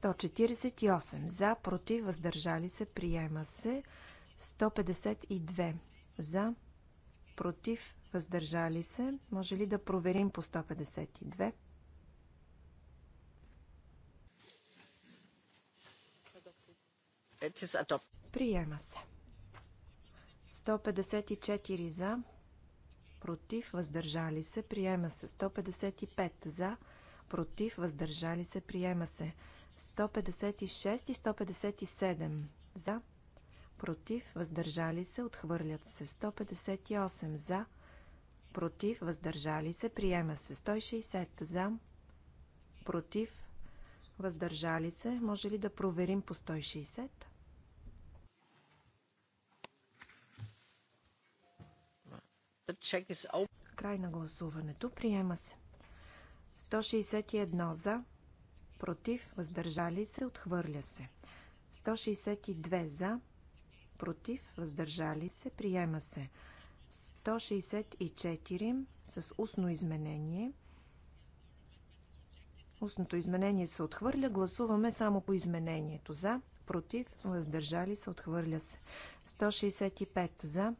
148 за, против, въздържали се, приема се. 152 за, против, въздържали се. Може ли да проверим по 152? Приема се. 154 за, против, въздържали се, приема се. 155 за, против, въздържали се, приема се. 156 и 157 за, против, въздържали се, отхвърлят се. 158 за, против, въздържали се, приема се. 160 за, против, въздържали се. Може ли да проверим по 160? Край на гласуването. Приема се. 161 за, против, въздържали се, отхвърля се. 162 за, против, въздържали се, приема се. 164 с устно изменение. Устното изменение се отхвърля. Гласуваме само по изменението. За, против, въздържали се, отхвърля се. 165 за,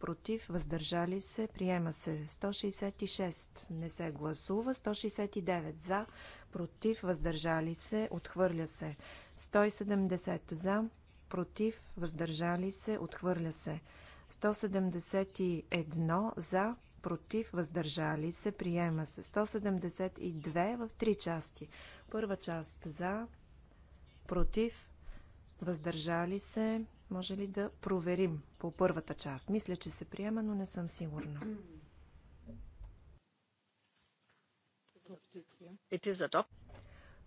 против, въздържали се, приема се. 166 не се гласува, 169 за, против, въздържали се, отхвърля се. 170 за, против, въздържали се, отхвърля се. 171 за, против, въздържали се, приема се. 172 в три части. Първа част за, против, въздържали се, може ли да проверим по първата част? Мисля, че се приема, но не съм сигурна.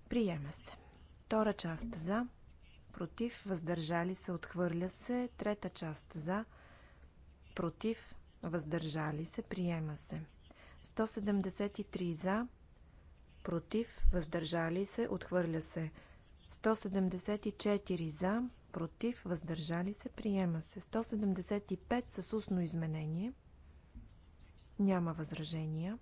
Приема се. Втора част за, против, въздържали се, отхвърля се. Трета част за, против, въздържали се, приема се. 173 за, против, въздържали се, отхвърля се. 174 за, против, въздържали се, приема се. 175 с устно изменение. Няма възражения.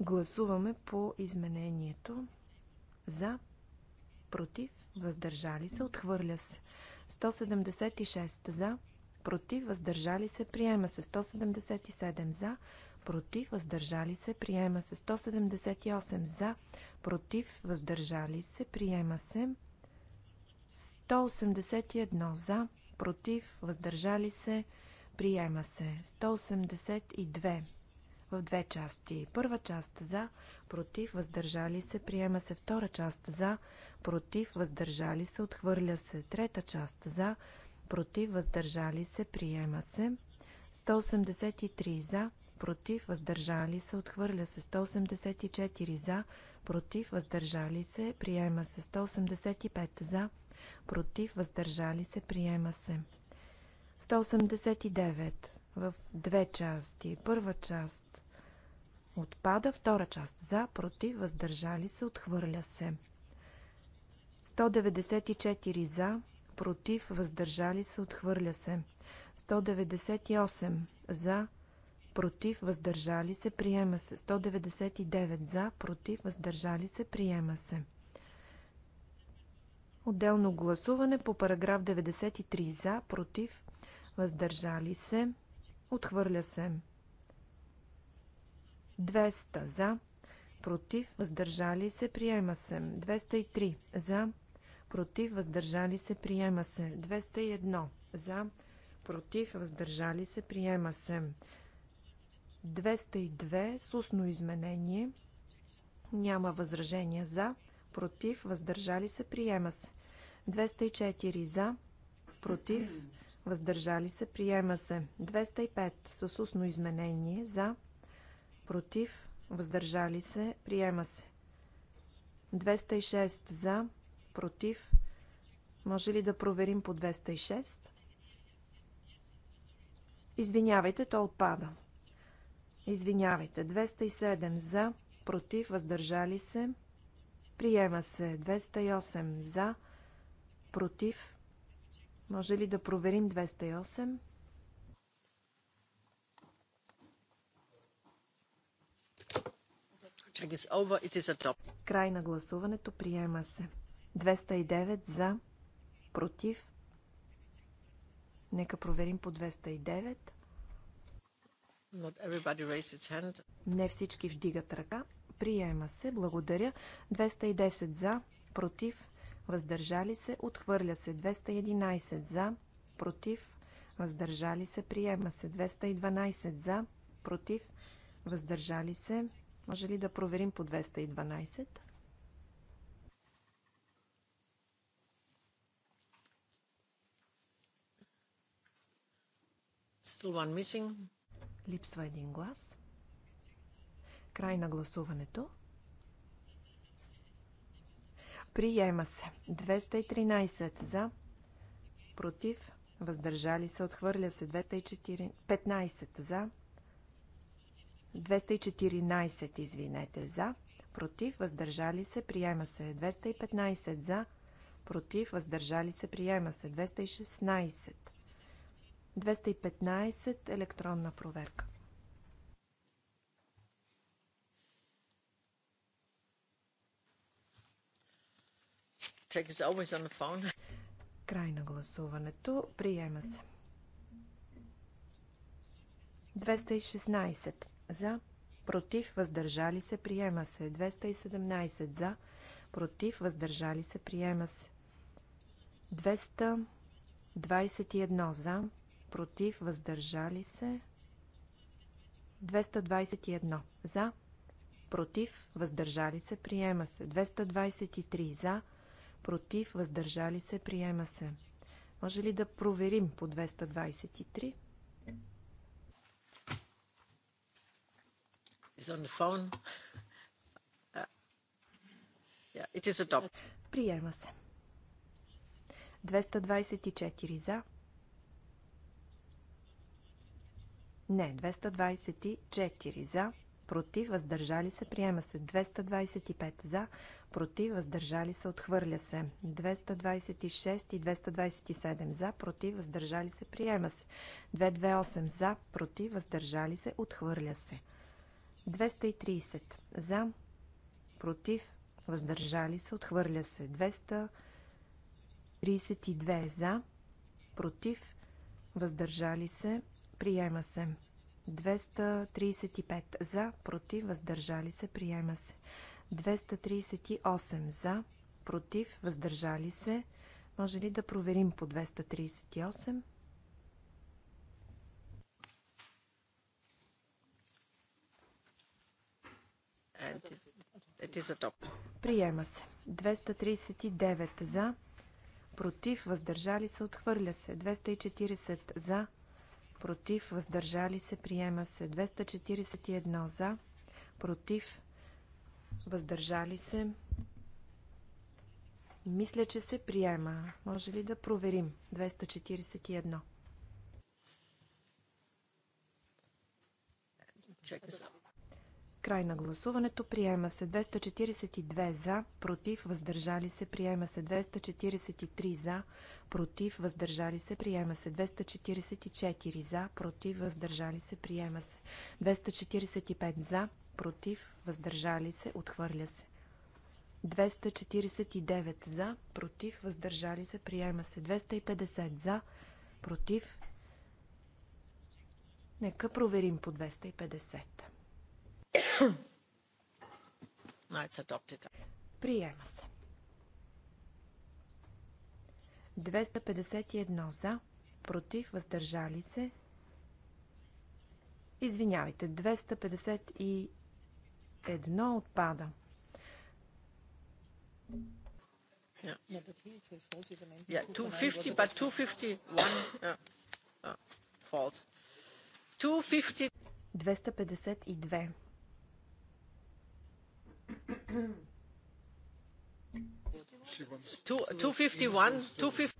Гласуваме по изменението за, против, въздържали се, отхвърля се. 176 за, против, въздържали се, приема се. 177 за, против, въздържали се, приема се. 178 за, против, въздържали се, приема се. 181 за, против, въздържали се, приема се. 182 в две части. Първа част за, против, въздържали се, приема се. Втора част за, против, въздържали се, отхвърля се. Трета част за, против, въздържали се, приема се. 183 за, против, въздържали се, отхвърля се 184 за, против, въздържали се, приема се 185 за, против, въздържали се, приема се 189 в две части. Първа част отпада, втора част за, против, въздържали се, отхвърля се. 194 за, против, въздържали се, отхвърля се. 198 за, против, въздържали се, приема се. 199 за, против, въздържали се, приема се. Отделно гласуване по параграф 93 за, против, въздържали се, отхвърля се. 200 за, против, въздържали се, приема се. 203 за, против, въздържали се, приема се. 201 за, против, въздържали се, приема се. 202 с устно изменение. Няма възражения за, против, въздържали се, приема се. 204 за, против, въздържали се, приема се. 205 с устно изменение за, против, въздържали се, приема се. 206 за, против. Може ли да проверим по 206? Извинявайте, то отпада. Извинявайте, 207 за, против, въздържали се. Приема се 208 за, против. Може ли да проверим 208? Край на гласуването приема се. 209 за, против. Нека проверим по 209. Не всички вдигат ръка. Приема се. Благодаря. 210 за, против, въздържали се, отхвърля се. 211 за, против, въздържали се, приема се. 212 за, против, въздържали се. Може ли да проверим по 212? Still one missing. Липсва един глас. Край на гласуването. Приема се. 213 за, против, въздържали се, отхвърля се. 15 за, 214, извинете, за, против, въздържали се, приема се. 215 за, против, въздържали се, приема се. 216 215 електронна проверка. Край на гласуването. Приема се. 216 за, против, въздържали се, приема се. 217 за, против, въздържали се, приема се. 221 за, против, въздържали се. 221 за, против, въздържали се, приема се. 223 за, против, въздържали се, приема се. Може ли да проверим по 223? Uh, приема се. 224 за, Не, 224 за, против, въздържали се, приема се. 225 за, против, въздържали се, отхвърля се. 226 и 227 за, против, въздържали се, приема се. 228 за, против, въздържали се, отхвърля се. 230 за, против, въздържали се, отхвърля се. 232 за, против, въздържали се, Приема се. 235 за, против, въздържали се, приема се. 238 за, против, въздържали се. Може ли да проверим по 238? Приема се. 239 за, против, въздържали се, отхвърля се. 240 за, против, въздържали се, приема се. 241 за, против, въздържали се. Мисля, че се приема. Може ли да проверим? 241. Check this Край на гласуването. Приема се 242 за, против, въздържали се. Приема се 243 за, против, въздържали се. Приема се 244 за, против, въздържали се. Приема се 245 за, против, въздържали се. Отхвърля се. 249 за, против, въздържали се. Приема се 250 за, против. Нека проверим по 250. Приема се. 251 за, против, въздържали се. Извинявайте, 251 отпада. Yeah. 250, but 251. 252. 251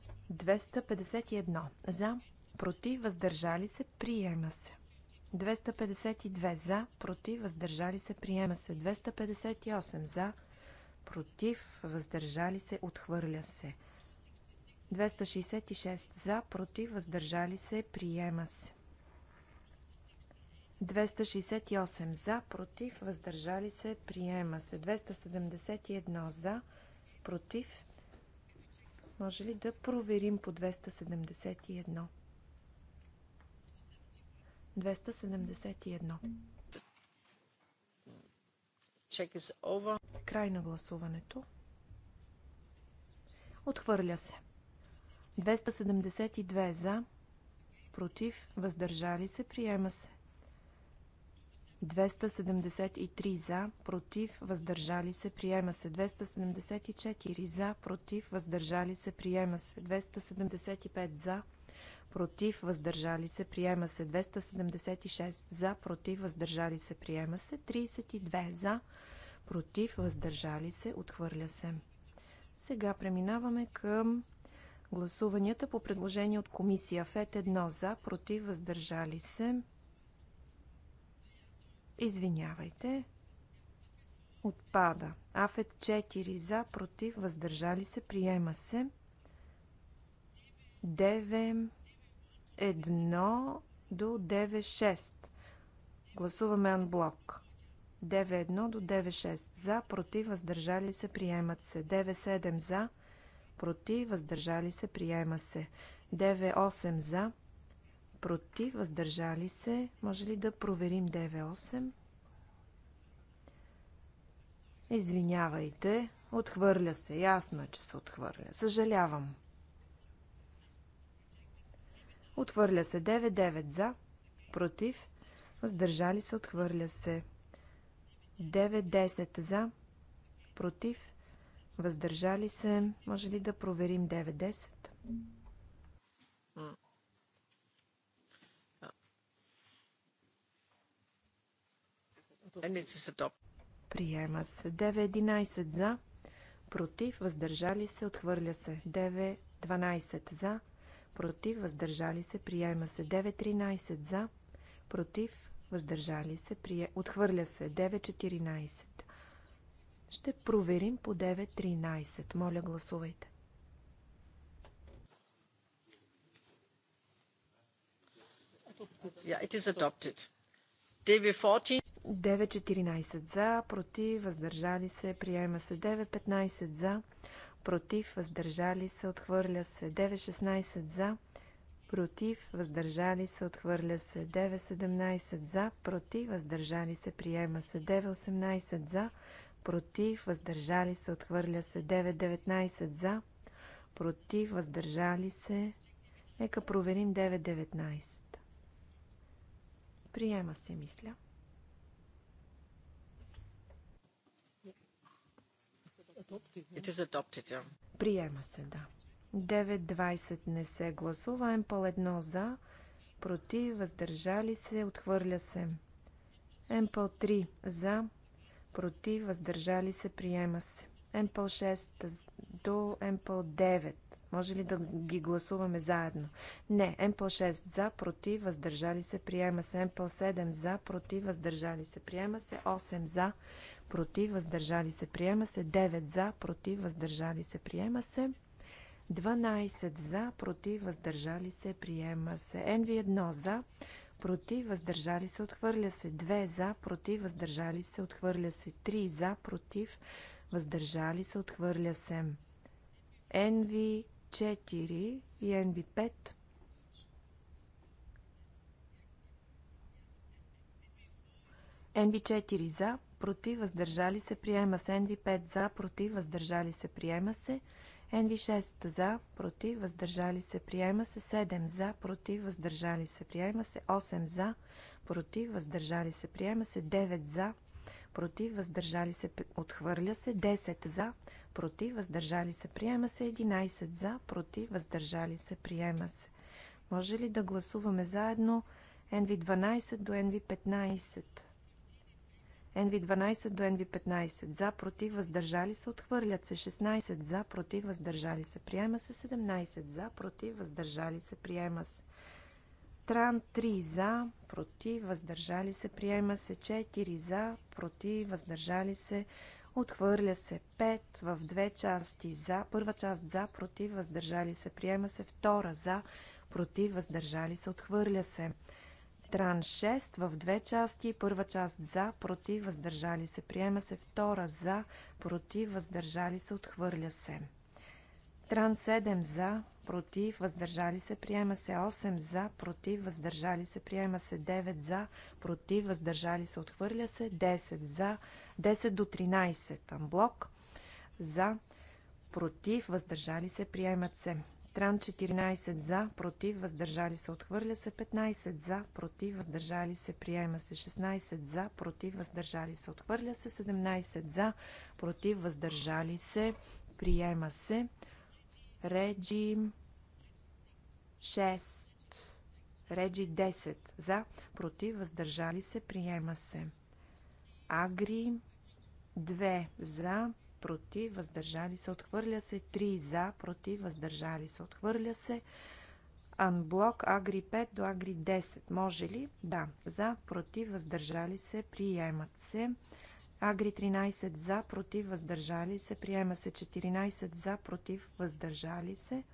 за, против, въздържали се, приема се. 252 за, против, въздържали се, приема се. 258 за, против, въздържали се, отхвърля се. 266 за, против, въздържали се, приема се. 268 за, против, въздържали се, приема се. 271 за, против. Може ли да проверим по 271? 271. Край на гласуването. Отхвърля се. 272 за, против, въздържали се, приема се. 273 за, против, въздържали се, приема се. 274 за, против, въздържали се, приема се. 275 за, против, въздържали се, приема се. 276 за, против, въздържали се, приема се. 32 за, против, въздържали се, отхвърля се. Сега преминаваме към гласуванията по предложение от комисия Фет 1 за, против, въздържали се, Извинявайте. Отпада. Афет 4 за, против, въздържали се, приема се. 9 1 до 9-6. Гласуваме анблок. 9-1 до 9-6. За, против, въздържали се, приемат се. 9-7 за, против, въздържали се, приема се. 9-8 за, против, въздържали се. Може ли да проверим ДВ8? Извинявайте, отхвърля се. Ясно е, че се отхвърля. Съжалявам. Отхвърля се 9-9 за, против, въздържали се, отхвърля се. 9-10 за, против, въздържали се. Може ли да проверим 9-10? Приема се. 9.11 за. Против. Въздържали се. Отхвърля се. 9.12 за. Против. Въздържали се. Приема се. 9.13 за. Против. Въздържали се. Прие... Отхвърля се. 9.14. Ще проверим по 9.13. Моля, гласувайте. Yeah, it is adopted. DB14. 9.14 за, против, въздържали се, приема се 9-15 за, против, въздържали се, отхвърля се 9 16 за, против, въздържали се, отхвърля се 9 17 за, против, въздържали се, приема се 9.18 за, против, въздържали се, отхвърля се 9 19 за, против, въздържали се. Нека проверим 9.19. Приема се, мисля. It is adopted, yeah. Приема се, да. 9.20 не се гласува. Емпъл 1 за. Против. Въздържали се. Отхвърля се. Емпъл 3 за. Против. Въздържали се. Приема се. Емпъл 6 до Емпъл 9. Може ли да ги гласуваме заедно? Не. Емпъл 6 за. Против. Въздържали се. Приема се. Емпъл 7 за. Против. Въздържали се. Приема се. 8 за против, въздържали се, приема се. 9 за, против, въздържали се, приема се. 12 за, против, въздържали се, приема се. NV1 за, против, въздържали се, отхвърля се. 2 за, против, въздържали се, отхвърля се. 3 за, против, въздържали се, отхвърля се. NV4 и NV5 NB4 за, против, въздържали се, приема се. NV5 за, против, въздържали се, приема се. NV6 за, против, въздържали се, приема се. 7 за, против, въздържали се, приема се. 8 за, против, въздържали се, приема се. 9 за, против, въздържали се, отхвърля се. 10 за, против, въздържали се, приема се. 11 за, против, въздържали се, приема се. Може ли да гласуваме заедно NV12 до NV15? NV12 до NV15 за, против, въздържали се, отхвърлят се 16 за, против, въздържали се, приема се 17 за, против, въздържали се, приема се Тран 3 за, против, въздържали се, приема се 4 за, против, въздържали се, отхвърля се 5 в две части за, първа част за, против, въздържали се, приема се втора за, против, въздържали се, отхвърля се. Тран 6 в две части. Първа част за, против, въздържали се. Приема се втора за, против, въздържали се, отхвърля се. Тран 7 за, против, въздържали се, приема се 8 за, против, въздържали се, приема се 9 за, против, въздържали се, отхвърля се 10 за, 10 до 13 амблок за, против, въздържали се, приемат се Тран 14 за, против, въздържали се, отхвърля се 15 за, против, въздържали се, приема се 16 за, против, въздържали се, отхвърля се 17 за, против, въздържали се, приема се. Реджим 6. Реджи 10 за, против, въздържали се, приема се. Агри 2 за, против, въздържали се, отхвърля се. 3 за, против, въздържали се, отхвърля се. Анблок Агри 5 до Агри 10. Може ли? Да. За, против, въздържали се, приемат се. Агри 13 за, против, въздържали се. Приема се 14 за, против, въздържали се.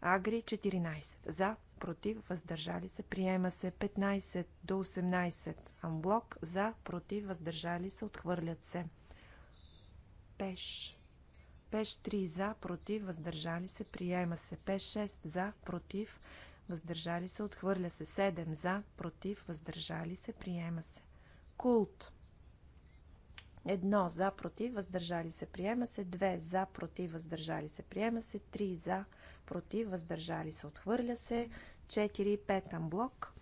Агри 14 за, против, въздържали се. Приема се 15 до 18 анблок, за, против, въздържали се, отхвърлят се. Пеш. Пеш 3 за, против, въздържали се, приема се. Пеш 6 за, против, въздържали се, отхвърля се. 7 за, против, въздържали се, приема се. Култ. Едно за, против, въздържали се, приема се. 2 за, против, въздържали се, приема се. 3 за, против, въздържали се, отхвърля се. 4 и 5 анблок.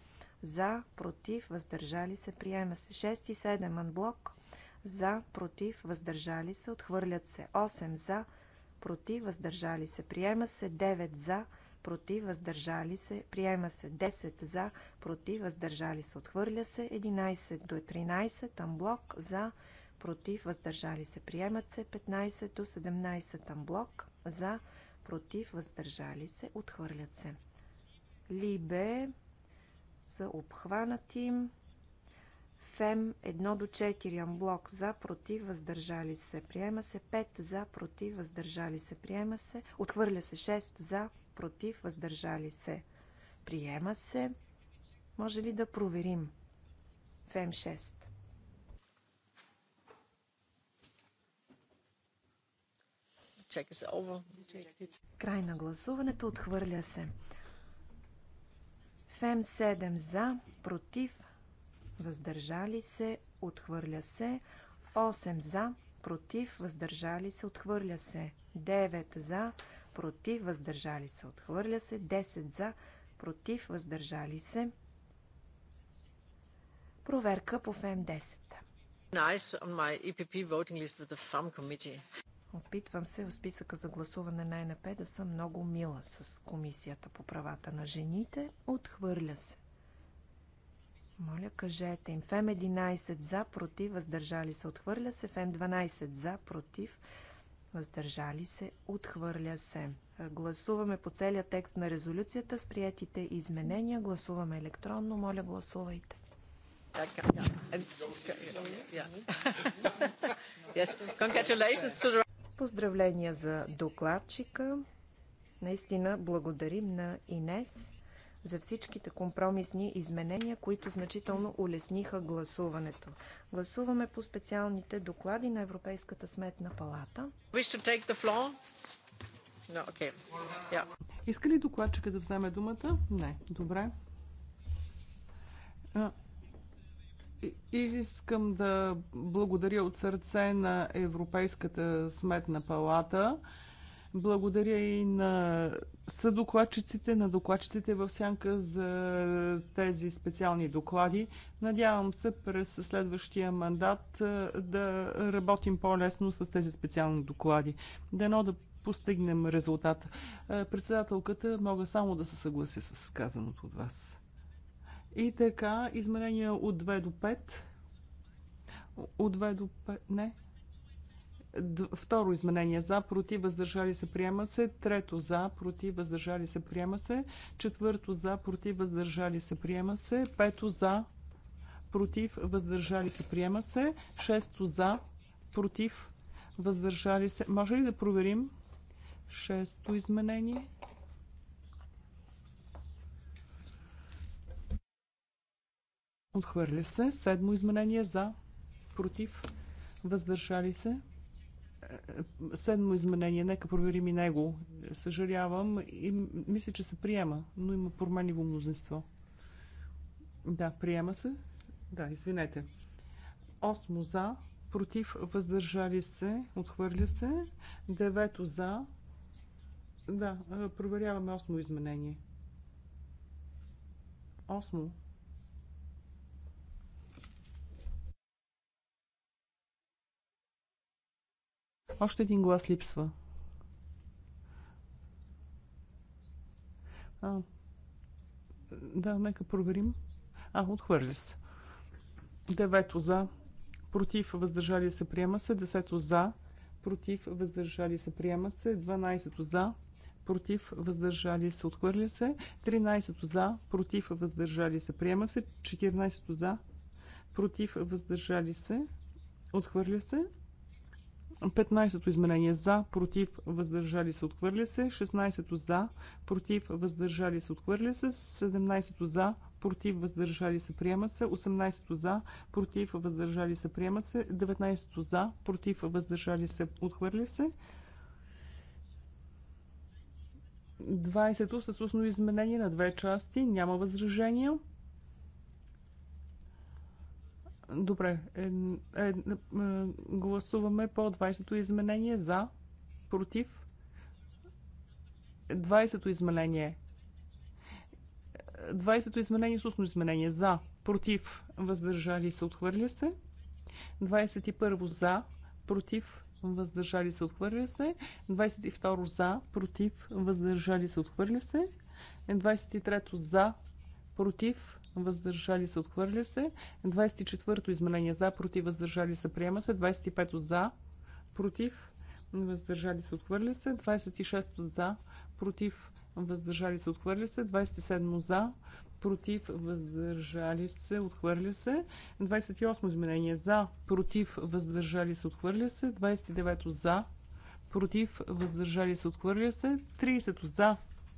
За, против, въздържали се, приема се. 6 и 7 анблок за, против, въздържали се, отхвърлят се 8 за, против, въздържали се, приема се 9 за, против, въздържали се, приема се 10 за, против, въздържали се, отхвърля се 11 до 13 амблок за, против, въздържали се, приемат се 15 до 17 амблок за, против, въздържали се, отхвърлят се. Либе са обхванати ФЕМ 1 до 4 амблок за, против, въздържали се, приема се. 5 за, против, въздържали се, приема се. Отхвърля се 6 за, против, въздържали се, приема се. Може ли да проверим? ФЕМ 6. Край на гласуването отхвърля се. ФЕМ 7 за, против, въздържали се, отхвърля се. 8 за, против, въздържали се, отхвърля се. 9 за, против, въздържали се, отхвърля се. 10 за, против, въздържали се. Проверка по ФМ10. Nice e Опитвам се в списъка за гласуване на НП да съм много мила с Комисията по правата на жените. Отхвърля се. Моля, кажете им. ФМ 11 за, против, въздържали се, отхвърля се. ФМ 12 за, против, въздържали се, отхвърля се. Гласуваме по целия текст на резолюцията с приятите изменения. Гласуваме електронно. Моля, гласувайте. Поздравления за докладчика. Наистина благодарим на Инес за всичките компромисни изменения, които значително улесниха гласуването. Гласуваме по специалните доклади на Европейската сметна палата. No, okay. yeah. Иска ли докладчика да вземе думата? Не. Добре. И искам да благодаря от сърце на Европейската сметна палата. Благодаря и на съдокладчиците, на докладчиците в сянка за тези специални доклади. Надявам се през следващия мандат да работим по-лесно с тези специални доклади. Дано да постигнем резултат. Председателката мога само да се съглася с казаното от вас. И така, изменения от 2 до 5. От 2 до 5. Не. Второ изменение за, против, въздържали се, приема се. Трето за, против, въздържали се, приема се. Четвърто за, против, въздържали се, приема се. Пето за, против, въздържали се, приема се. Шесто за, против, въздържали се. Може ли да проверим шесто изменение? Отхвърля се. Седмо изменение за, против, въздържали се. Седмо изменение, нека проверим и него. Съжалявам и мисля, че се приема, но има променливо мнозинство. Да, приема се. Да, извинете. Осмо за, против, въздържали се, отхвърля се. Девето за. Да, проверяваме осмо изменение. Осмо. Още един глас липсва. А, да, нека проверим. А, отхвърля се. Девето за, против, въздържали се, приема се. Десето за, против, въздържали се, приема се. Дванайсето за, против, въздържали се, отхвърля се. 13 за, против, въздържали се, приема се. 14 за, против, въздържали се, отхвърля се. 15-то изменение за, против, въздържали се, отхвърля се. 16-то за, против, въздържали се, отхвърля се. 17-то за, против, въздържали се, приема се. 18-то за, против, въздържали се, приема се. 19-то за, против, въздържали се, отхвърля се. 20-то с устно изменение на две части. Няма възражения. Добре. Е, е, е, гласуваме по 20-то изменение за, против. 20-то изменение. 20-то изменение с устно изменение за, против, въздържали се, отхвърля се. 21 за, против, въздържали се, отхвърля се. 22 за, против, въздържали се, отхвърля се. 23 за, против, въздържали се, отхвърля се. 24-то изменение за, против, въздържали се, приема се. 25-то за, против, въздържали се, отхвърля се. 26-то за, против, въздържали се, отхвърля се. 27-то за, против, въздържали се, отхвърля се. 28 изменение за, против, въздържали се, отхвърля се. 29 за, против, въздържали се, отхвърля се. 30 за,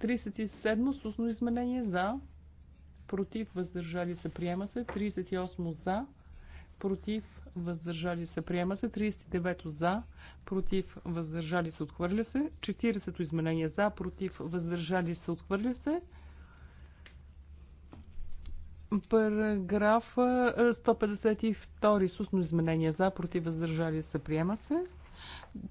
37 с устно изменение за. Против. Въздържали се. Приема се. 38 за. Против. Въздържали се. Приема се. 39 за. Против. Въздържали се. Отхвърля се. 40 изменение за. Против. Въздържали се. Отхвърля се. Параграф 152 с устно изменение за. Против. Въздържали се. Приема се.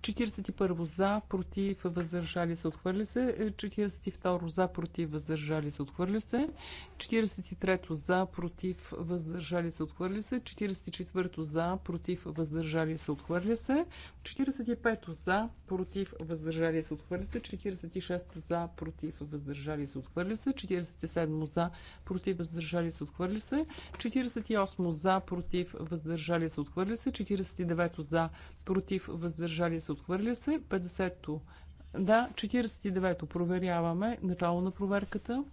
41 за, против, въздържали се, отхвърля се. 42 за, против, въздържали се, отхвърля се. 43 за, против, въздържали се, отхвърля се. 44 за, против, въздържали се, отхвърля се. 45 за, против, въздържали се, отхвърля се. 46 за, против, въздържали се, отхвърля се. 47 за, против, въздържали се, отхвърля се. 48 за, против, въздържали се, отхвърли се. 49 за, против, въздържали се, въздържали се, отхвърля се. 50-то. Да, 49-то. Проверяваме. Начало на проверката.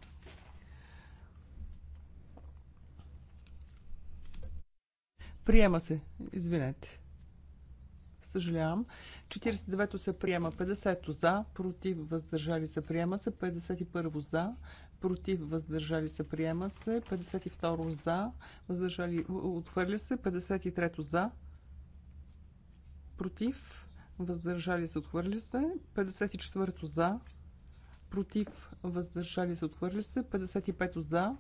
Приема се. Извинете. Съжалявам. 49-то се приема. 50-то за. Против. Въздържали се. Приема се. 51-то за. Против. Въздържали се. Приема се. 52-то за. Въздържали. Отхвърля се. 53-то за. Против въздържали се, отхвърли се. 54 за, против, въздържали се, отхвърли се. 55 за,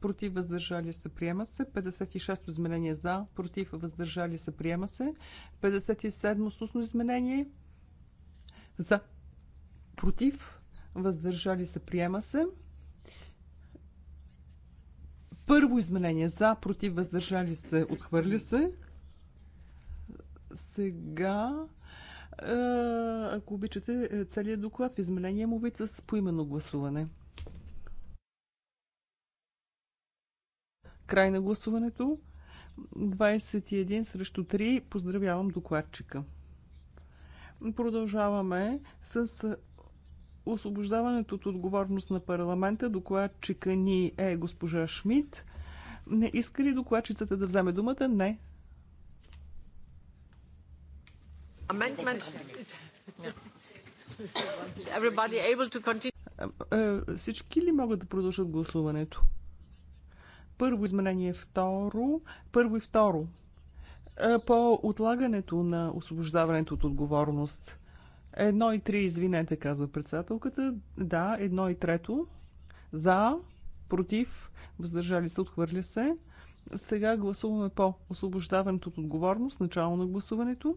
против, въздържали се, приема се. 56 изменение за, против, въздържали се, приема се. 57 сусно изменение за, против, въздържали се, приема се. Първо изменение за, против, въздържали се, отхвърля се. Сега ако обичате, е, целият доклад в изменение му вид с поименно гласуване. Край на гласуването. 21 срещу 3. Поздравявам докладчика. Продължаваме с освобождаването от отговорност на парламента. Докладчика ни е госпожа Шмидт. Не иска ли докладчицата да вземе думата? Не. Amendment. Is everybody able to continue? Е, всички ли могат да продължат гласуването? Първо изменение, второ. Първо и второ. Е, по отлагането на освобождаването от отговорност. Едно и три, извинете, казва председателката. Да, едно и трето. За, против, въздържали се, отхвърля се. Сега гласуваме по освобождаването от отговорност, начало на гласуването.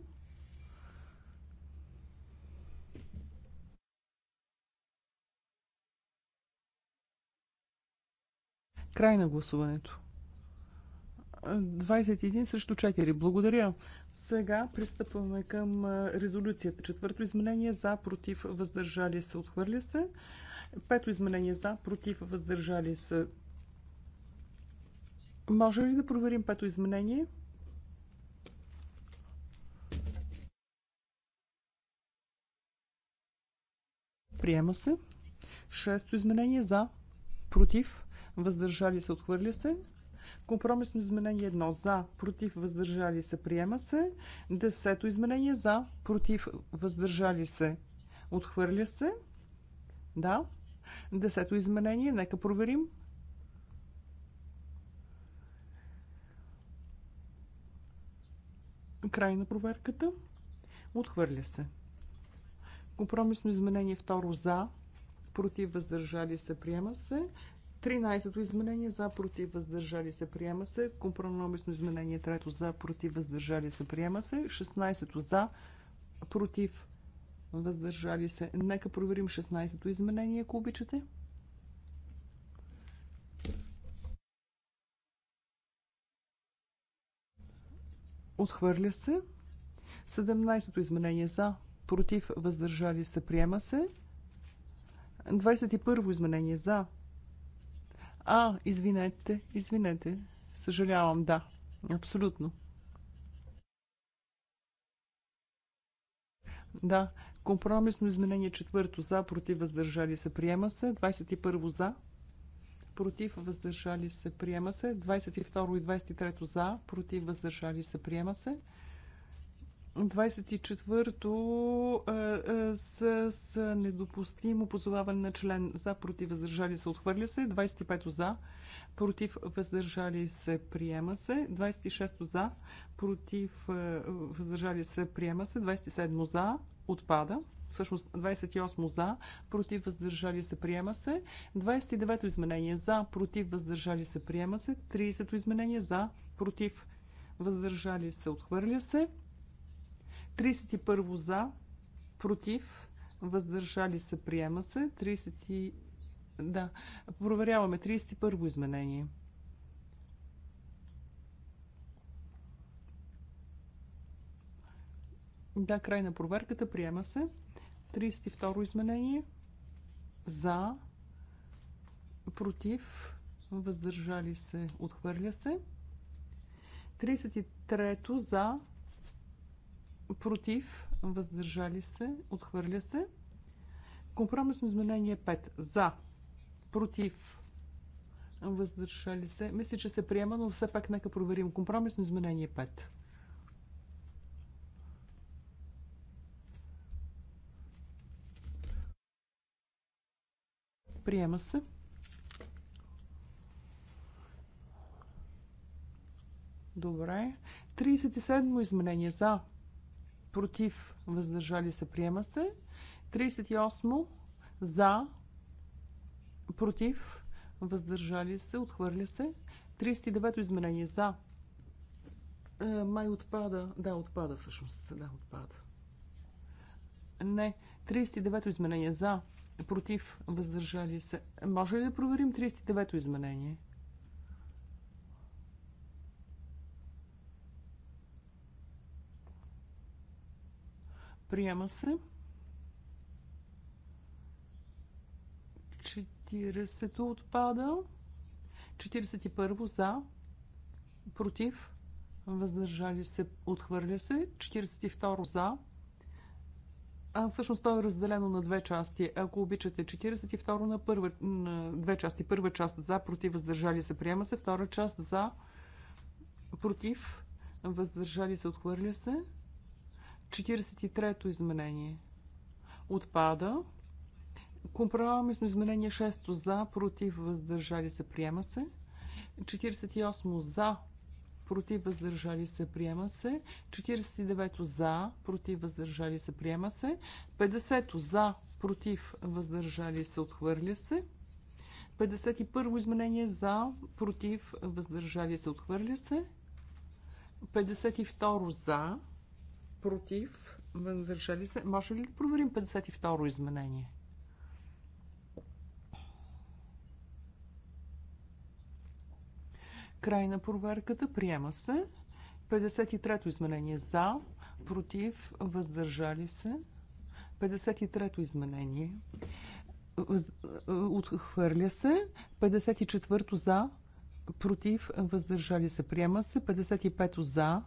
Край на гласуването. 21 срещу 4. Благодаря. Сега пристъпваме към резолюцията. Четвърто изменение за, против, въздържали се, отхвърля се. Пето изменение за, против, въздържали се. Може ли да проверим пето изменение? Приема се. Шесто изменение за, против, въздържали се, отхвърля се. Компромисно изменение 1 за, против, въздържали се, приема се. Десето изменение за, против, въздържали се, отхвърля се. Да. Десето изменение, нека проверим. Край на проверката. Отхвърля се. Компромисно изменение второ за, против въздържали се, приема се. 13-то изменение за против въздържали се приема се. Компромисно изменение 3 за против въздържали се приема се. 16-то за против въздържали се. Нека проверим 16-то изменение, ако обичате. Отхвърля се. 17-то изменение за против въздържали се приема се. 21 то изменение за а, извинете, извинете. Съжалявам, да. Абсолютно. Да. Компромисно изменение четвърто за, против, въздържали се, приема се. 21 за, против, въздържали се, приема се. 22 и 23 за, против, въздържали се, приема се. 24-то е, е, с, с недопустимо позоваване на член за против въздържали се отхвърля се. 25-то за против въздържали се приема се. 26-то е, за против въздържали се приема се. 27-то за отпада. Всъщност 28 за, против въздържали се приема се. 29-то изменение за, против въздържали се приема се. 30-то изменение за, против въздържали се отхвърля се. 31 за, против, въздържали се, приема се. 30... Да, проверяваме 31 изменение. Да, край на проверката, приема се. 32 изменение. За, против, въздържали се, отхвърля се. 33 за, против, въздържали се, отхвърля се. Компромисно изменение 5. За, против, въздържали се. Мисля, че се приема, но все пак нека проверим. Компромисно изменение 5. Приема се. Добре. 37 изменение за против, въздържали се, приема се. 38 за, против, въздържали се, отхвърля се. 39 изменение за. Е, май отпада. Да, отпада всъщност. Да, отпада. Не. 39 изменение за. Против. Въздържали се. Може ли да проверим 39 изменение? Приема се. 40-то отпада. 41-во за. Против. Въздържали се. Отхвърля се. 42-ро за. А, всъщност то е разделено на две части. Ако обичате 42 на, първа, на две части. Първа част за, против, въздържали се, приема се. Втора част за, против, въздържали се, отхвърля се. 43-то изменение. Отпада. Компромисно изменение 6 за, против, въздържали се, приема се. 48 за, против, въздържали се, приема се. 49 за, против, въздържали се, приема се. 50 за, против, въздържали се, отхвърля се. 51 изменение за, против, въздържали се, отхвърля се. 52 за, против, въздържали се. Може ли да проверим 52-ро изменение? Край на проверката. Приема се. 53-то изменение за, против, въздържали се. 53-то изменение е, отхвърля се. 54-то за, против, въздържали се. Приема се. 55-то за,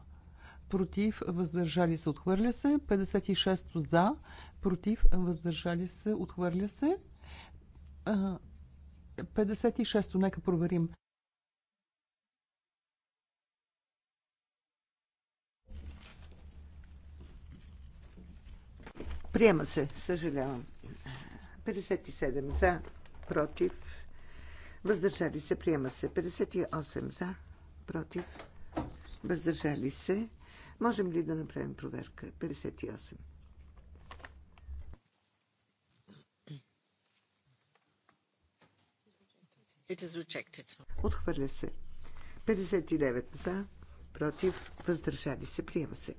против, въздържали се, отхвърля се. 56 за, против, въздържали се, отхвърля се. 56 нека проверим. Приема се, съжалявам. 57 за, против, въздържали се, приема се. 58 за, против, въздържали се. Можем ли да направим проверка? 58. It is rejected. Отхвърля се. 59 за, против, въздържали се, приема се.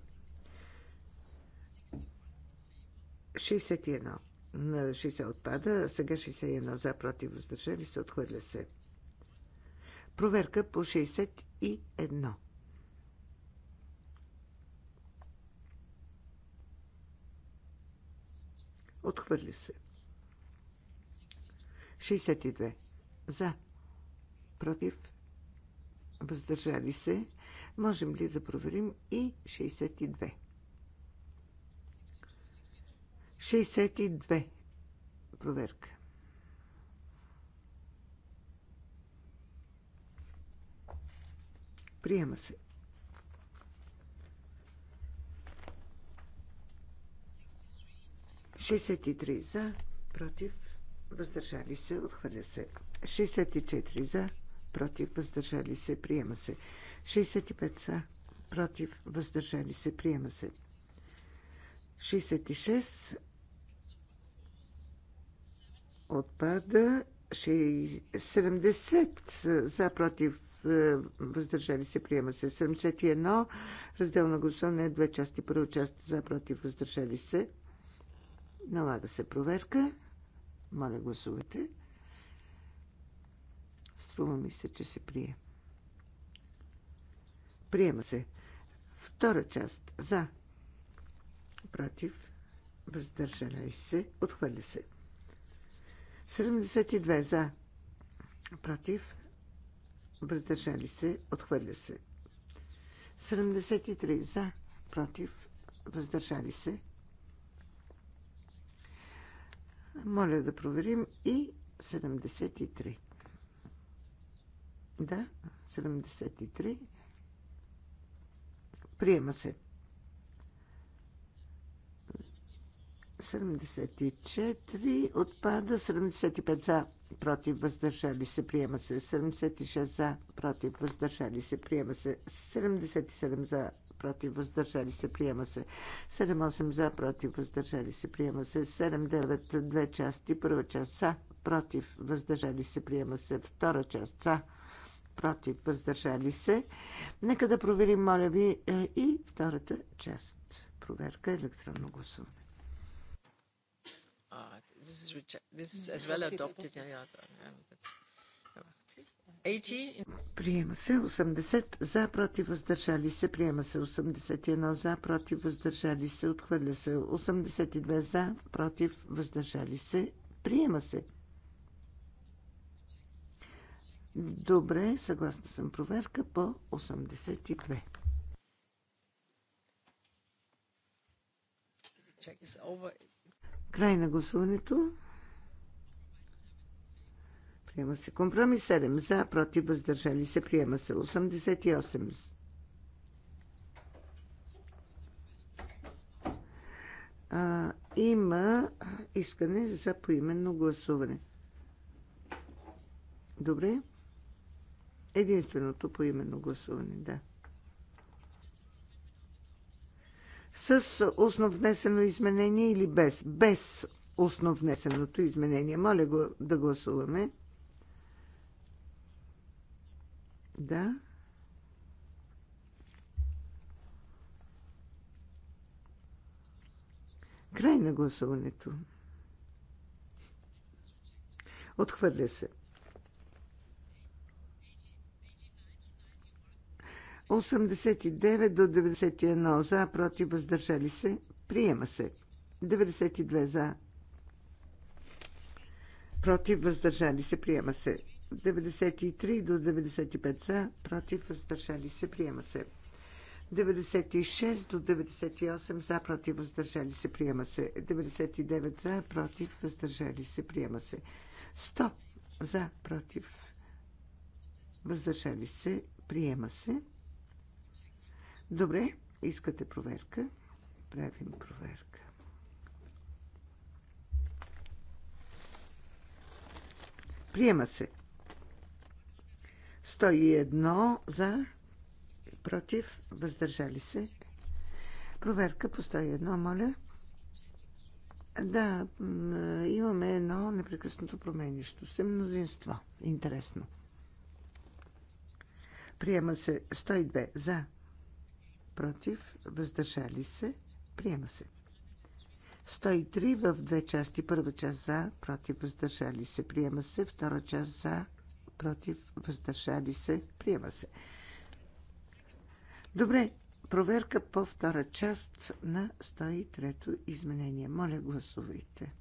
61. На 60 отпада, сега 61 за, против, въздържали се, отхвърля се. Проверка по 61. Отхвърли се. 62. За. Против. Въздържали се. Можем ли да проверим и 62? 62. Проверка. Приема се. 63 за, против, въздържали се, отхвърля се. 64 за, против, въздържали се, приема се. 65 за, против, въздържали се, приема се. 66 отпада. 70 за, против, е, въздържали се, приема се. 71 разделно гласуване, две части, първо част за, против, въздържали се, Налага се проверка. Моля, гласувате. Струва ми се, че се прие. Приема се. Втора част. За. Против. Въздържали се. Отхвърля се. 72. За. Против. Въздържали се. Отхвърля се. 73. За. Против. Въздържали се. Моля да проверим и 73. Да, 73. Приема се. 74 отпада, 75 за, против, въздържали се, приема се, 76 за, против, въздържали се, приема се, 77 за, против, въздържали се, приема се. 7-8 за, против, въздържали се, приема се. 7-9, две части, първа част са, против, въздържали се, приема се. Втора част са, против, въздържали се. Нека да проверим, моля ви, е, и втората част. Проверка електронно гласуване. This is, this is as well adopted. Yeah, yeah. Приема се 80 за, против, въздържали се. Приема се 81 за, против, въздържали се. Отхвърля се 82 за, против, въздържали се. Приема се. Добре, съгласна съм. Проверка по 82. Край на гласуването. Приема се. Компромис 7. За, против, въздържали се. Приема се. 88. А, има искане за поименно гласуване. Добре. Единственото поименно гласуване, да. С основнесено изменение или без? Без основнесеното изменение. Моля го да гласуваме. Да. Край на гласуването. Отхвърля се. 89 до 91 за, против, въздържали се. Приема се. 92 за. Против, въздържали се. Приема се. 93 до 95 за, против, въздържали се, приема се. 96 до 98 за, против, въздържали се, приема се. 99 за, против, въздържали се, приема се. 100 за, против, въздържали се, приема се. Добре, искате проверка. Правим проверка. Приема се. 101 за, против, въздържали се. Проверка по 101, моля. Да, имаме едно непрекъснато променящо се мнозинство. Интересно. Приема се 102 за, против, въздържали се. Приема се. 103 в две части. Първа част за, против, въздържали се. Приема се. Втора част за, против, въздържали се, приема се. Добре, проверка по втора част на 103-то изменение. Моля, гласувайте.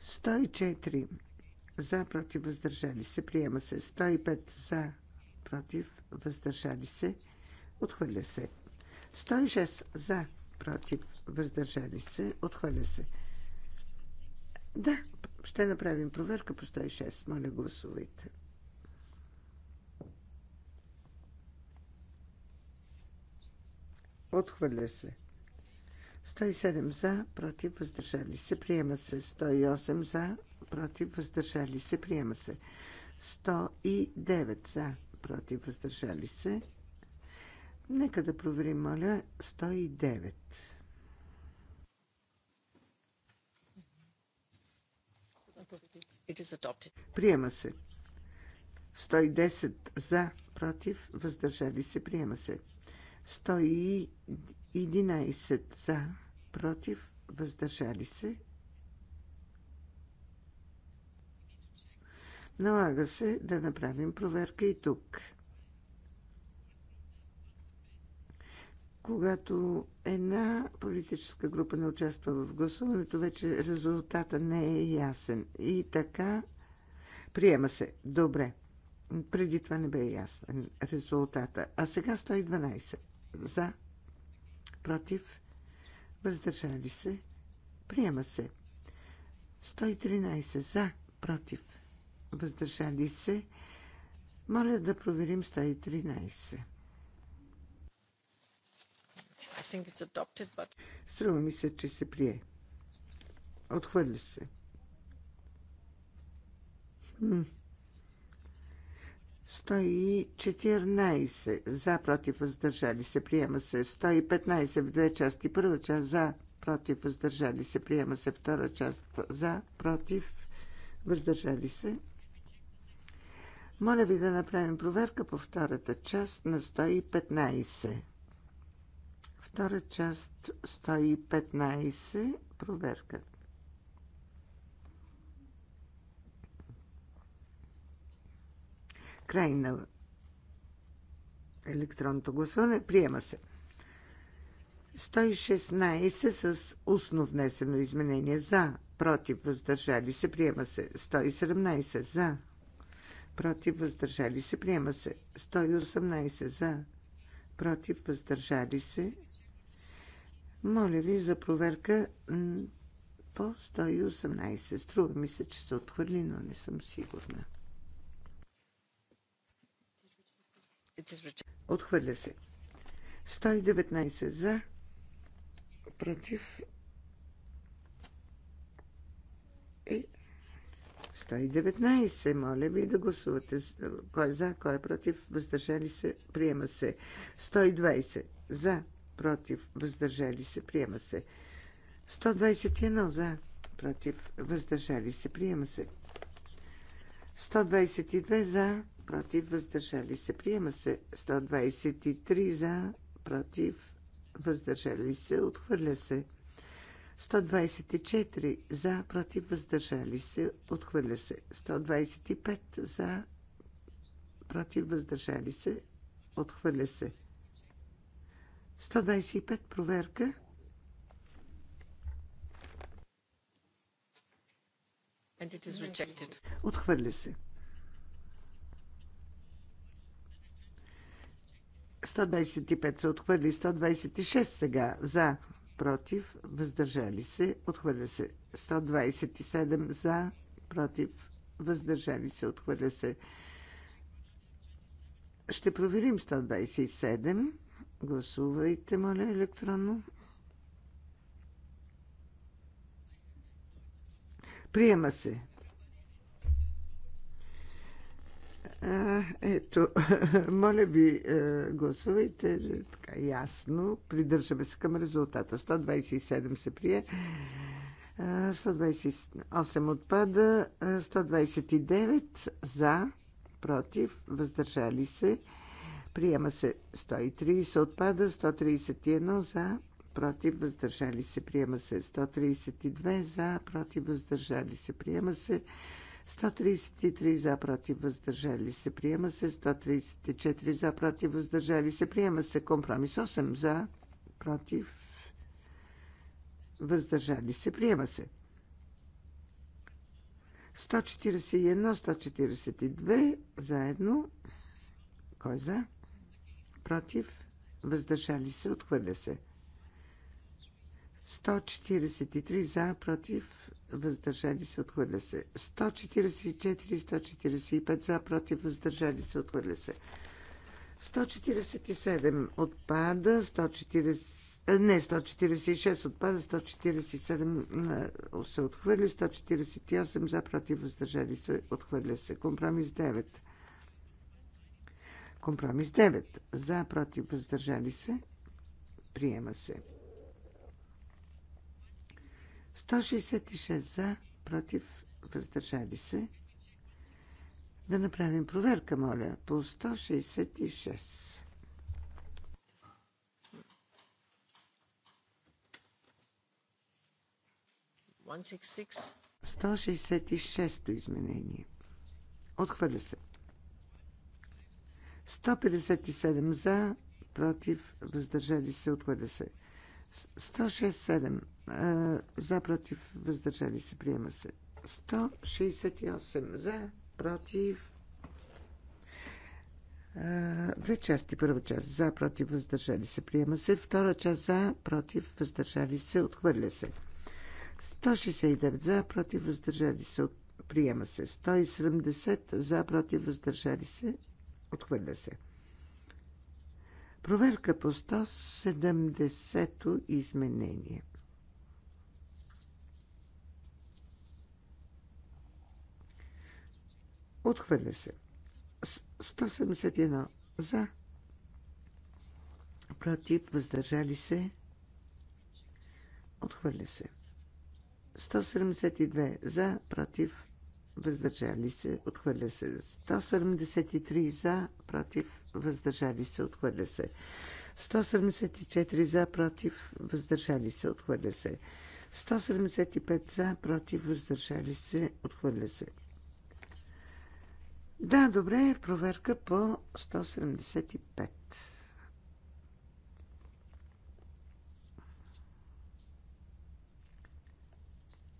104 за, против, въздържали се, приема се. 105 за, против, въздържали се, отхвърля се. 106 за, против, въздържали се, отхвърля се. Да, ще направим проверка по 106. Моля, гласувайте. Отхвърля се. 107 за, против, въздържали се, приема се. 108 за, против, въздържали се, приема се. 109 за, против, въздържали се. Нека да проверим, моля, 109. Приема се. 110 за, против, въздържали се. Приема се. 111 за, против, въздържали се. Налага се да направим проверка и тук. когато една политическа група не участва в гласуването, вече резултата не е ясен. И така приема се. Добре. Преди това не бе ясен резултата. А сега 112. За. Против. Въздържали се. Приема се. 113. За. Против. Въздържали се. Моля да проверим 113. Adopted, but... Струва ми се, че се прие. Отхвърли се. Хм. 114 за, против, въздържали се, приема се. 115 в две части. Първа част за, против, въздържали се, приема се. Втора част за, против, въздържали се. Моля ви да направим проверка по втората част на 115. Втора част 115. Проверка. Край на електронното гласуване. Приема се. 116 с устно внесено изменение за, против, въздържали се, приема се. 117 за, против, въздържали се, приема се. 118 за, против, въздържали се, моля ви за проверка по 118. Струва ми се, че се отхвърли, но не съм сигурна. Отхвърля се. 119 за, против и 119. Моля ви да гласувате. Кой е за, кой е против, въздържали се, приема се. 120 за, против, въздържали се, приема се. 121 за, против, въздържали се, приема се. 122 за, против, въздържали се, приема се. 123 за, против, въздържали се, отхвърля се. 124 за, против, въздържали се, отхвърля се. 125 за, против, въздържали се, отхвърля се. 125 проверка. Отхвърля се. 125 се отхвърли, 126 сега за, против, въздържали се, отхвърля се. 127 за, против, въздържали се, отхвърля се. Ще проверим 127. Гласувайте, моля, електронно. Приема се. А, ето, моля ви, гласувайте е, така ясно. Придържаме се към резултата. 127 се прие. 128 отпада. 129 за, против, въздържали се. Приема се 130, отпада 131 за, против, въздържали се. Приема се 132 за, против, въздържали се. Приема се 133 за, против, въздържали се. Приема се 134 за, против, въздържали се. Приема се компромис 8 за, против, въздържали се. Приема се. 141, 142 заедно. Кой е за? против, въздържали се, отхвърля се. 143 за, против, въздържали се, отхвърля се. 144 145 за, против, въздържали се, отхвърля се. 147 отпада, 140, не, 146 отпада, 147 се отхвърли, 148 за, против, въздържали се, отхвърля се. Компромис 9 Компромис 9. За, против, въздържали се. Приема се. 166 за, против, въздържали се. Да направим проверка, моля, по 166. One, 166-то изменение. Отхвърля се. 157 за, против, въздържали се, отхвърля се. 167 за, против, въздържали се, приема се. 168 за, против. Две части. Първа част за, против, въздържали се, приема се. Втора част за, против, въздържали се, отхвърля се. 169 за, против, въздържали се, приема се. 170 за, против, въздържали се, Отхвърля се. Проверка по 170-то изменение. Отхвърля се. 171 за. Против. Въздържали се. Отхвърля се. 172 за. Против въздържали се, отхвърля се. 173 за, против, въздържали се, отхвърля се. 174 за, против, въздържали се, отхвърля се. 175 за, против, въздържали се, отхвърля се. Да, добре, проверка по 175.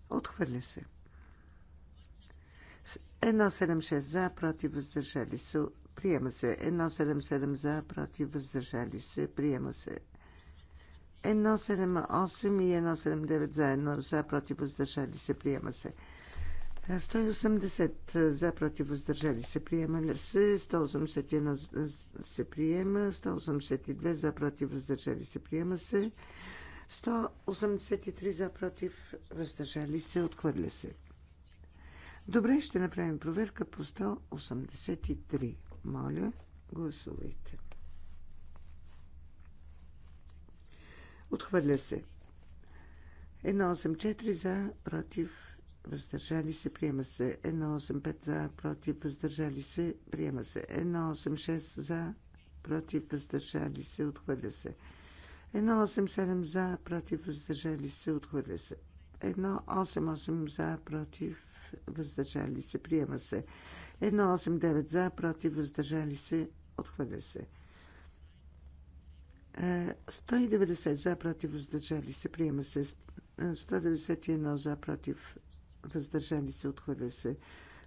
Отхвърля се. 176 за, против, въздържали се, приема се. 177 за, против, въздържали се, приема се. 178 и 179 заедно за, против, въздържали се, приема се. 180 за против въздържали се приема се, 181 се приема, 182 за против въздържали се приема се, 183 за против въздържали се отхвърля се. Добре, ще направим проверка по 183. Моля, гласувайте. Отхвърля се. 184 за, против, въздържали се, приема се. 185 за, против, въздържали се, приема се. 186 за, против, въздържали се, отхвърля се. 187 за, против, въздържали се, отхвърля се. 188 за, против, въздържали се, приема се. 189 за, против, въздържали се, отхвърля се. 190 е, за, против, въздържали се, приема се. 191 за, против, въздържали се, отхвърля се.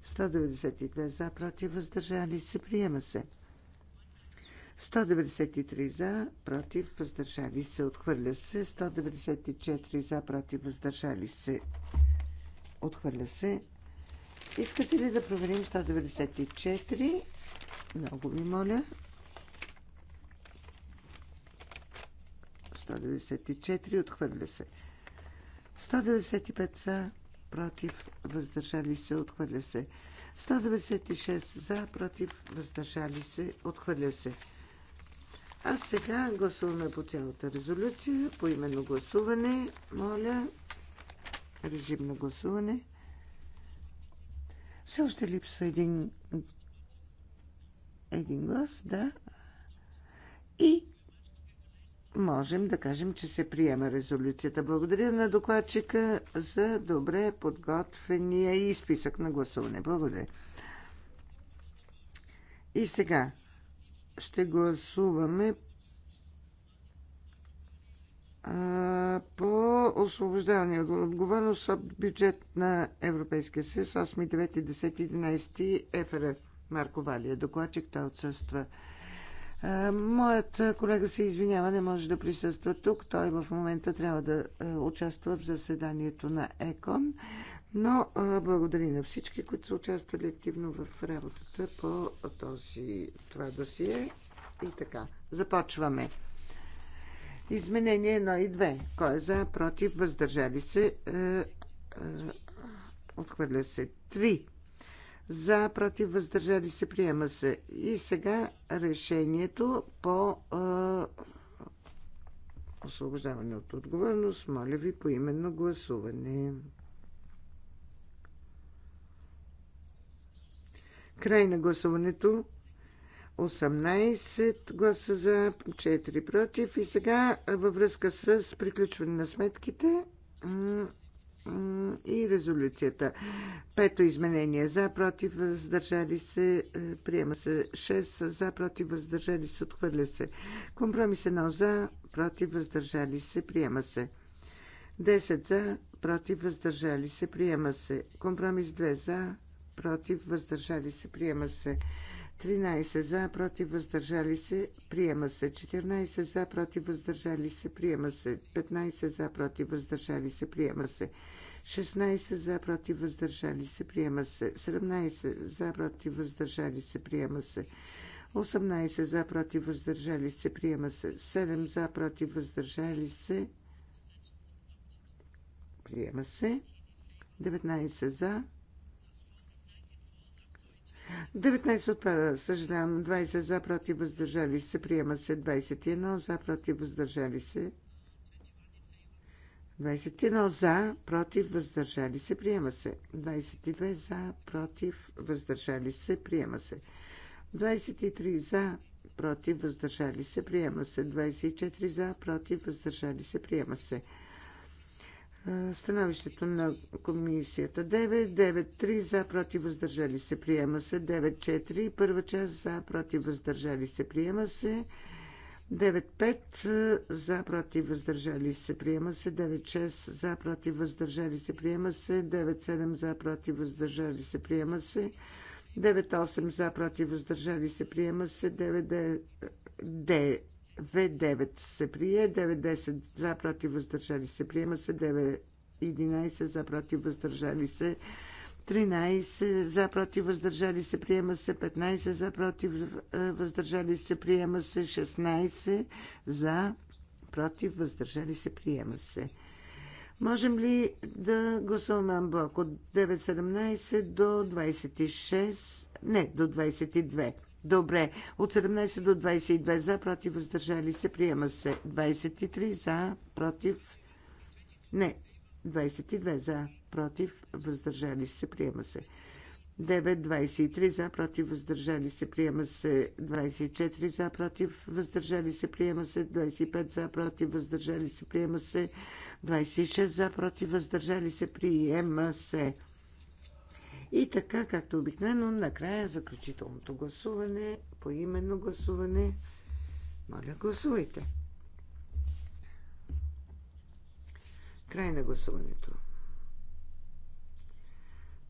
192 за, против, въздържали се, приема се. 193 за, против, въздържали се, отхвърля се. 194 за, против, въздържали се, отхвърля се. Искате ли да проверим 194? Много ви моля. 194 отхвърля се. 195 са против, въздържали се, отхвърля се. 196 за, против, въздържали се, отхвърля се. А сега гласуваме по цялата резолюция, по именно гласуване. Моля, режим на гласуване. Все още липсва един, един глас, да. И можем да кажем, че се приема резолюцията. Благодаря на докладчика за добре подготвения и списък на гласуване. Благодаря. И сега ще гласуваме по освобождаване от отговорност от бюджет на Европейския съюз 8, 9, 10, 11 ЕФР. Марко Валия, докладчик, той отсъства. Моят колега се извинява, не може да присъства тук. Той в момента трябва да участва в заседанието на ЕКОН. Но благодаря на всички, които са участвали активно в работата по този, това досие. И така, започваме. Изменение 1 и 2. Кой е за, против, въздържали се, е, е, отхвърля се 3. За, против, въздържали се, приема се. И сега решението по е, освобождаване от отговорност. Моля ви по именно гласуване. Край на гласуването. 18 гласа за, 4 против. И сега във връзка с приключване на сметките и резолюцията. Пето изменение за, против, въздържали се, е, приема се 6 за, против, въздържали се, отхвърля се. Компромис 1 за, против, въздържали се, приема се. 10 за, против, въздържали се, приема се. Компромис 2 за, против, въздържали се, приема се. 13 за, против, въздържали се, приема се. 14 за, против, въздържали се, приема се. 15 за, против, въздържали се, приема се. 16 за, против, въздържали се, приема се. 17 за, против, въздържали се, приема се. 18 за, против, въздържали се, приема се. 7 за, против, въздържали се, приема се. 19 за, 19 отпада, съжалявам. 20 за, против, въздържали се. Приема се 21 за, против, въздържали се. 21 за, против, въздържали се, приема се. 22 за, против, въздържали се, приема се. 23 за, против, въздържали се, приема се. 24 за, против, въздържали се, приема се. Становището на комисията 9, 9, 3 за, против, въздържали се, приема се, 9, 4, първа част за, против, въздържали се, приема се, 9-5 за против въздържали се приема се, 9-6 за против въздържали се приема се, 9-7 за против въздържали се приема се, 9-8 за против въздържали се приема се, 9-9 в9 се прие, 9 за, против, въздържали се, приема се, 9-11 за, против, въздържали се, 13 за, против, въздържали се, приема се, 15 за, против, е, въздържали се, приема се, 16 за, против, въздържали се, приема се. Можем ли да гласуваме блок от 9.17 до 26? Не, до 22. Добре. От 17 до 22 за, против, въздържали се. Приема се 23 за, против. Не. 22 за, против, въздържали се. Приема се. 9, 23 за, против, въздържали се. Приема се 24 за, против, въздържали се. Приема се 25 за, против, въздържали се. Приема се 26 за, против, въздържали се. Приема се. И така, както обикновено, накрая заключителното гласуване, поименно гласуване. Моля, гласувайте. Край на гласуването.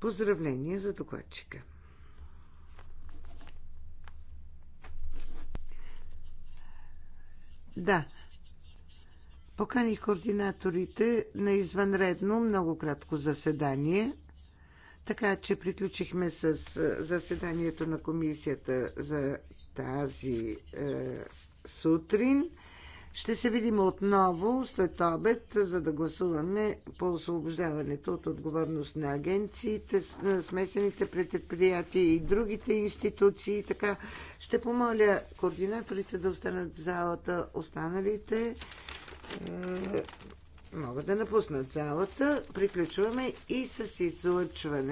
Поздравление за докладчика. Да. Поканих координаторите на извънредно много кратко заседание – така че приключихме с заседанието на комисията за тази е, сутрин. Ще се видим отново след обед, за да гласуваме по освобождаването от отговорност на агенциите, смесените предприятия и другите институции. Така ще помоля координаторите да останат в залата. Останалите е, могат да напуснат залата. Приключваме и с излъчване.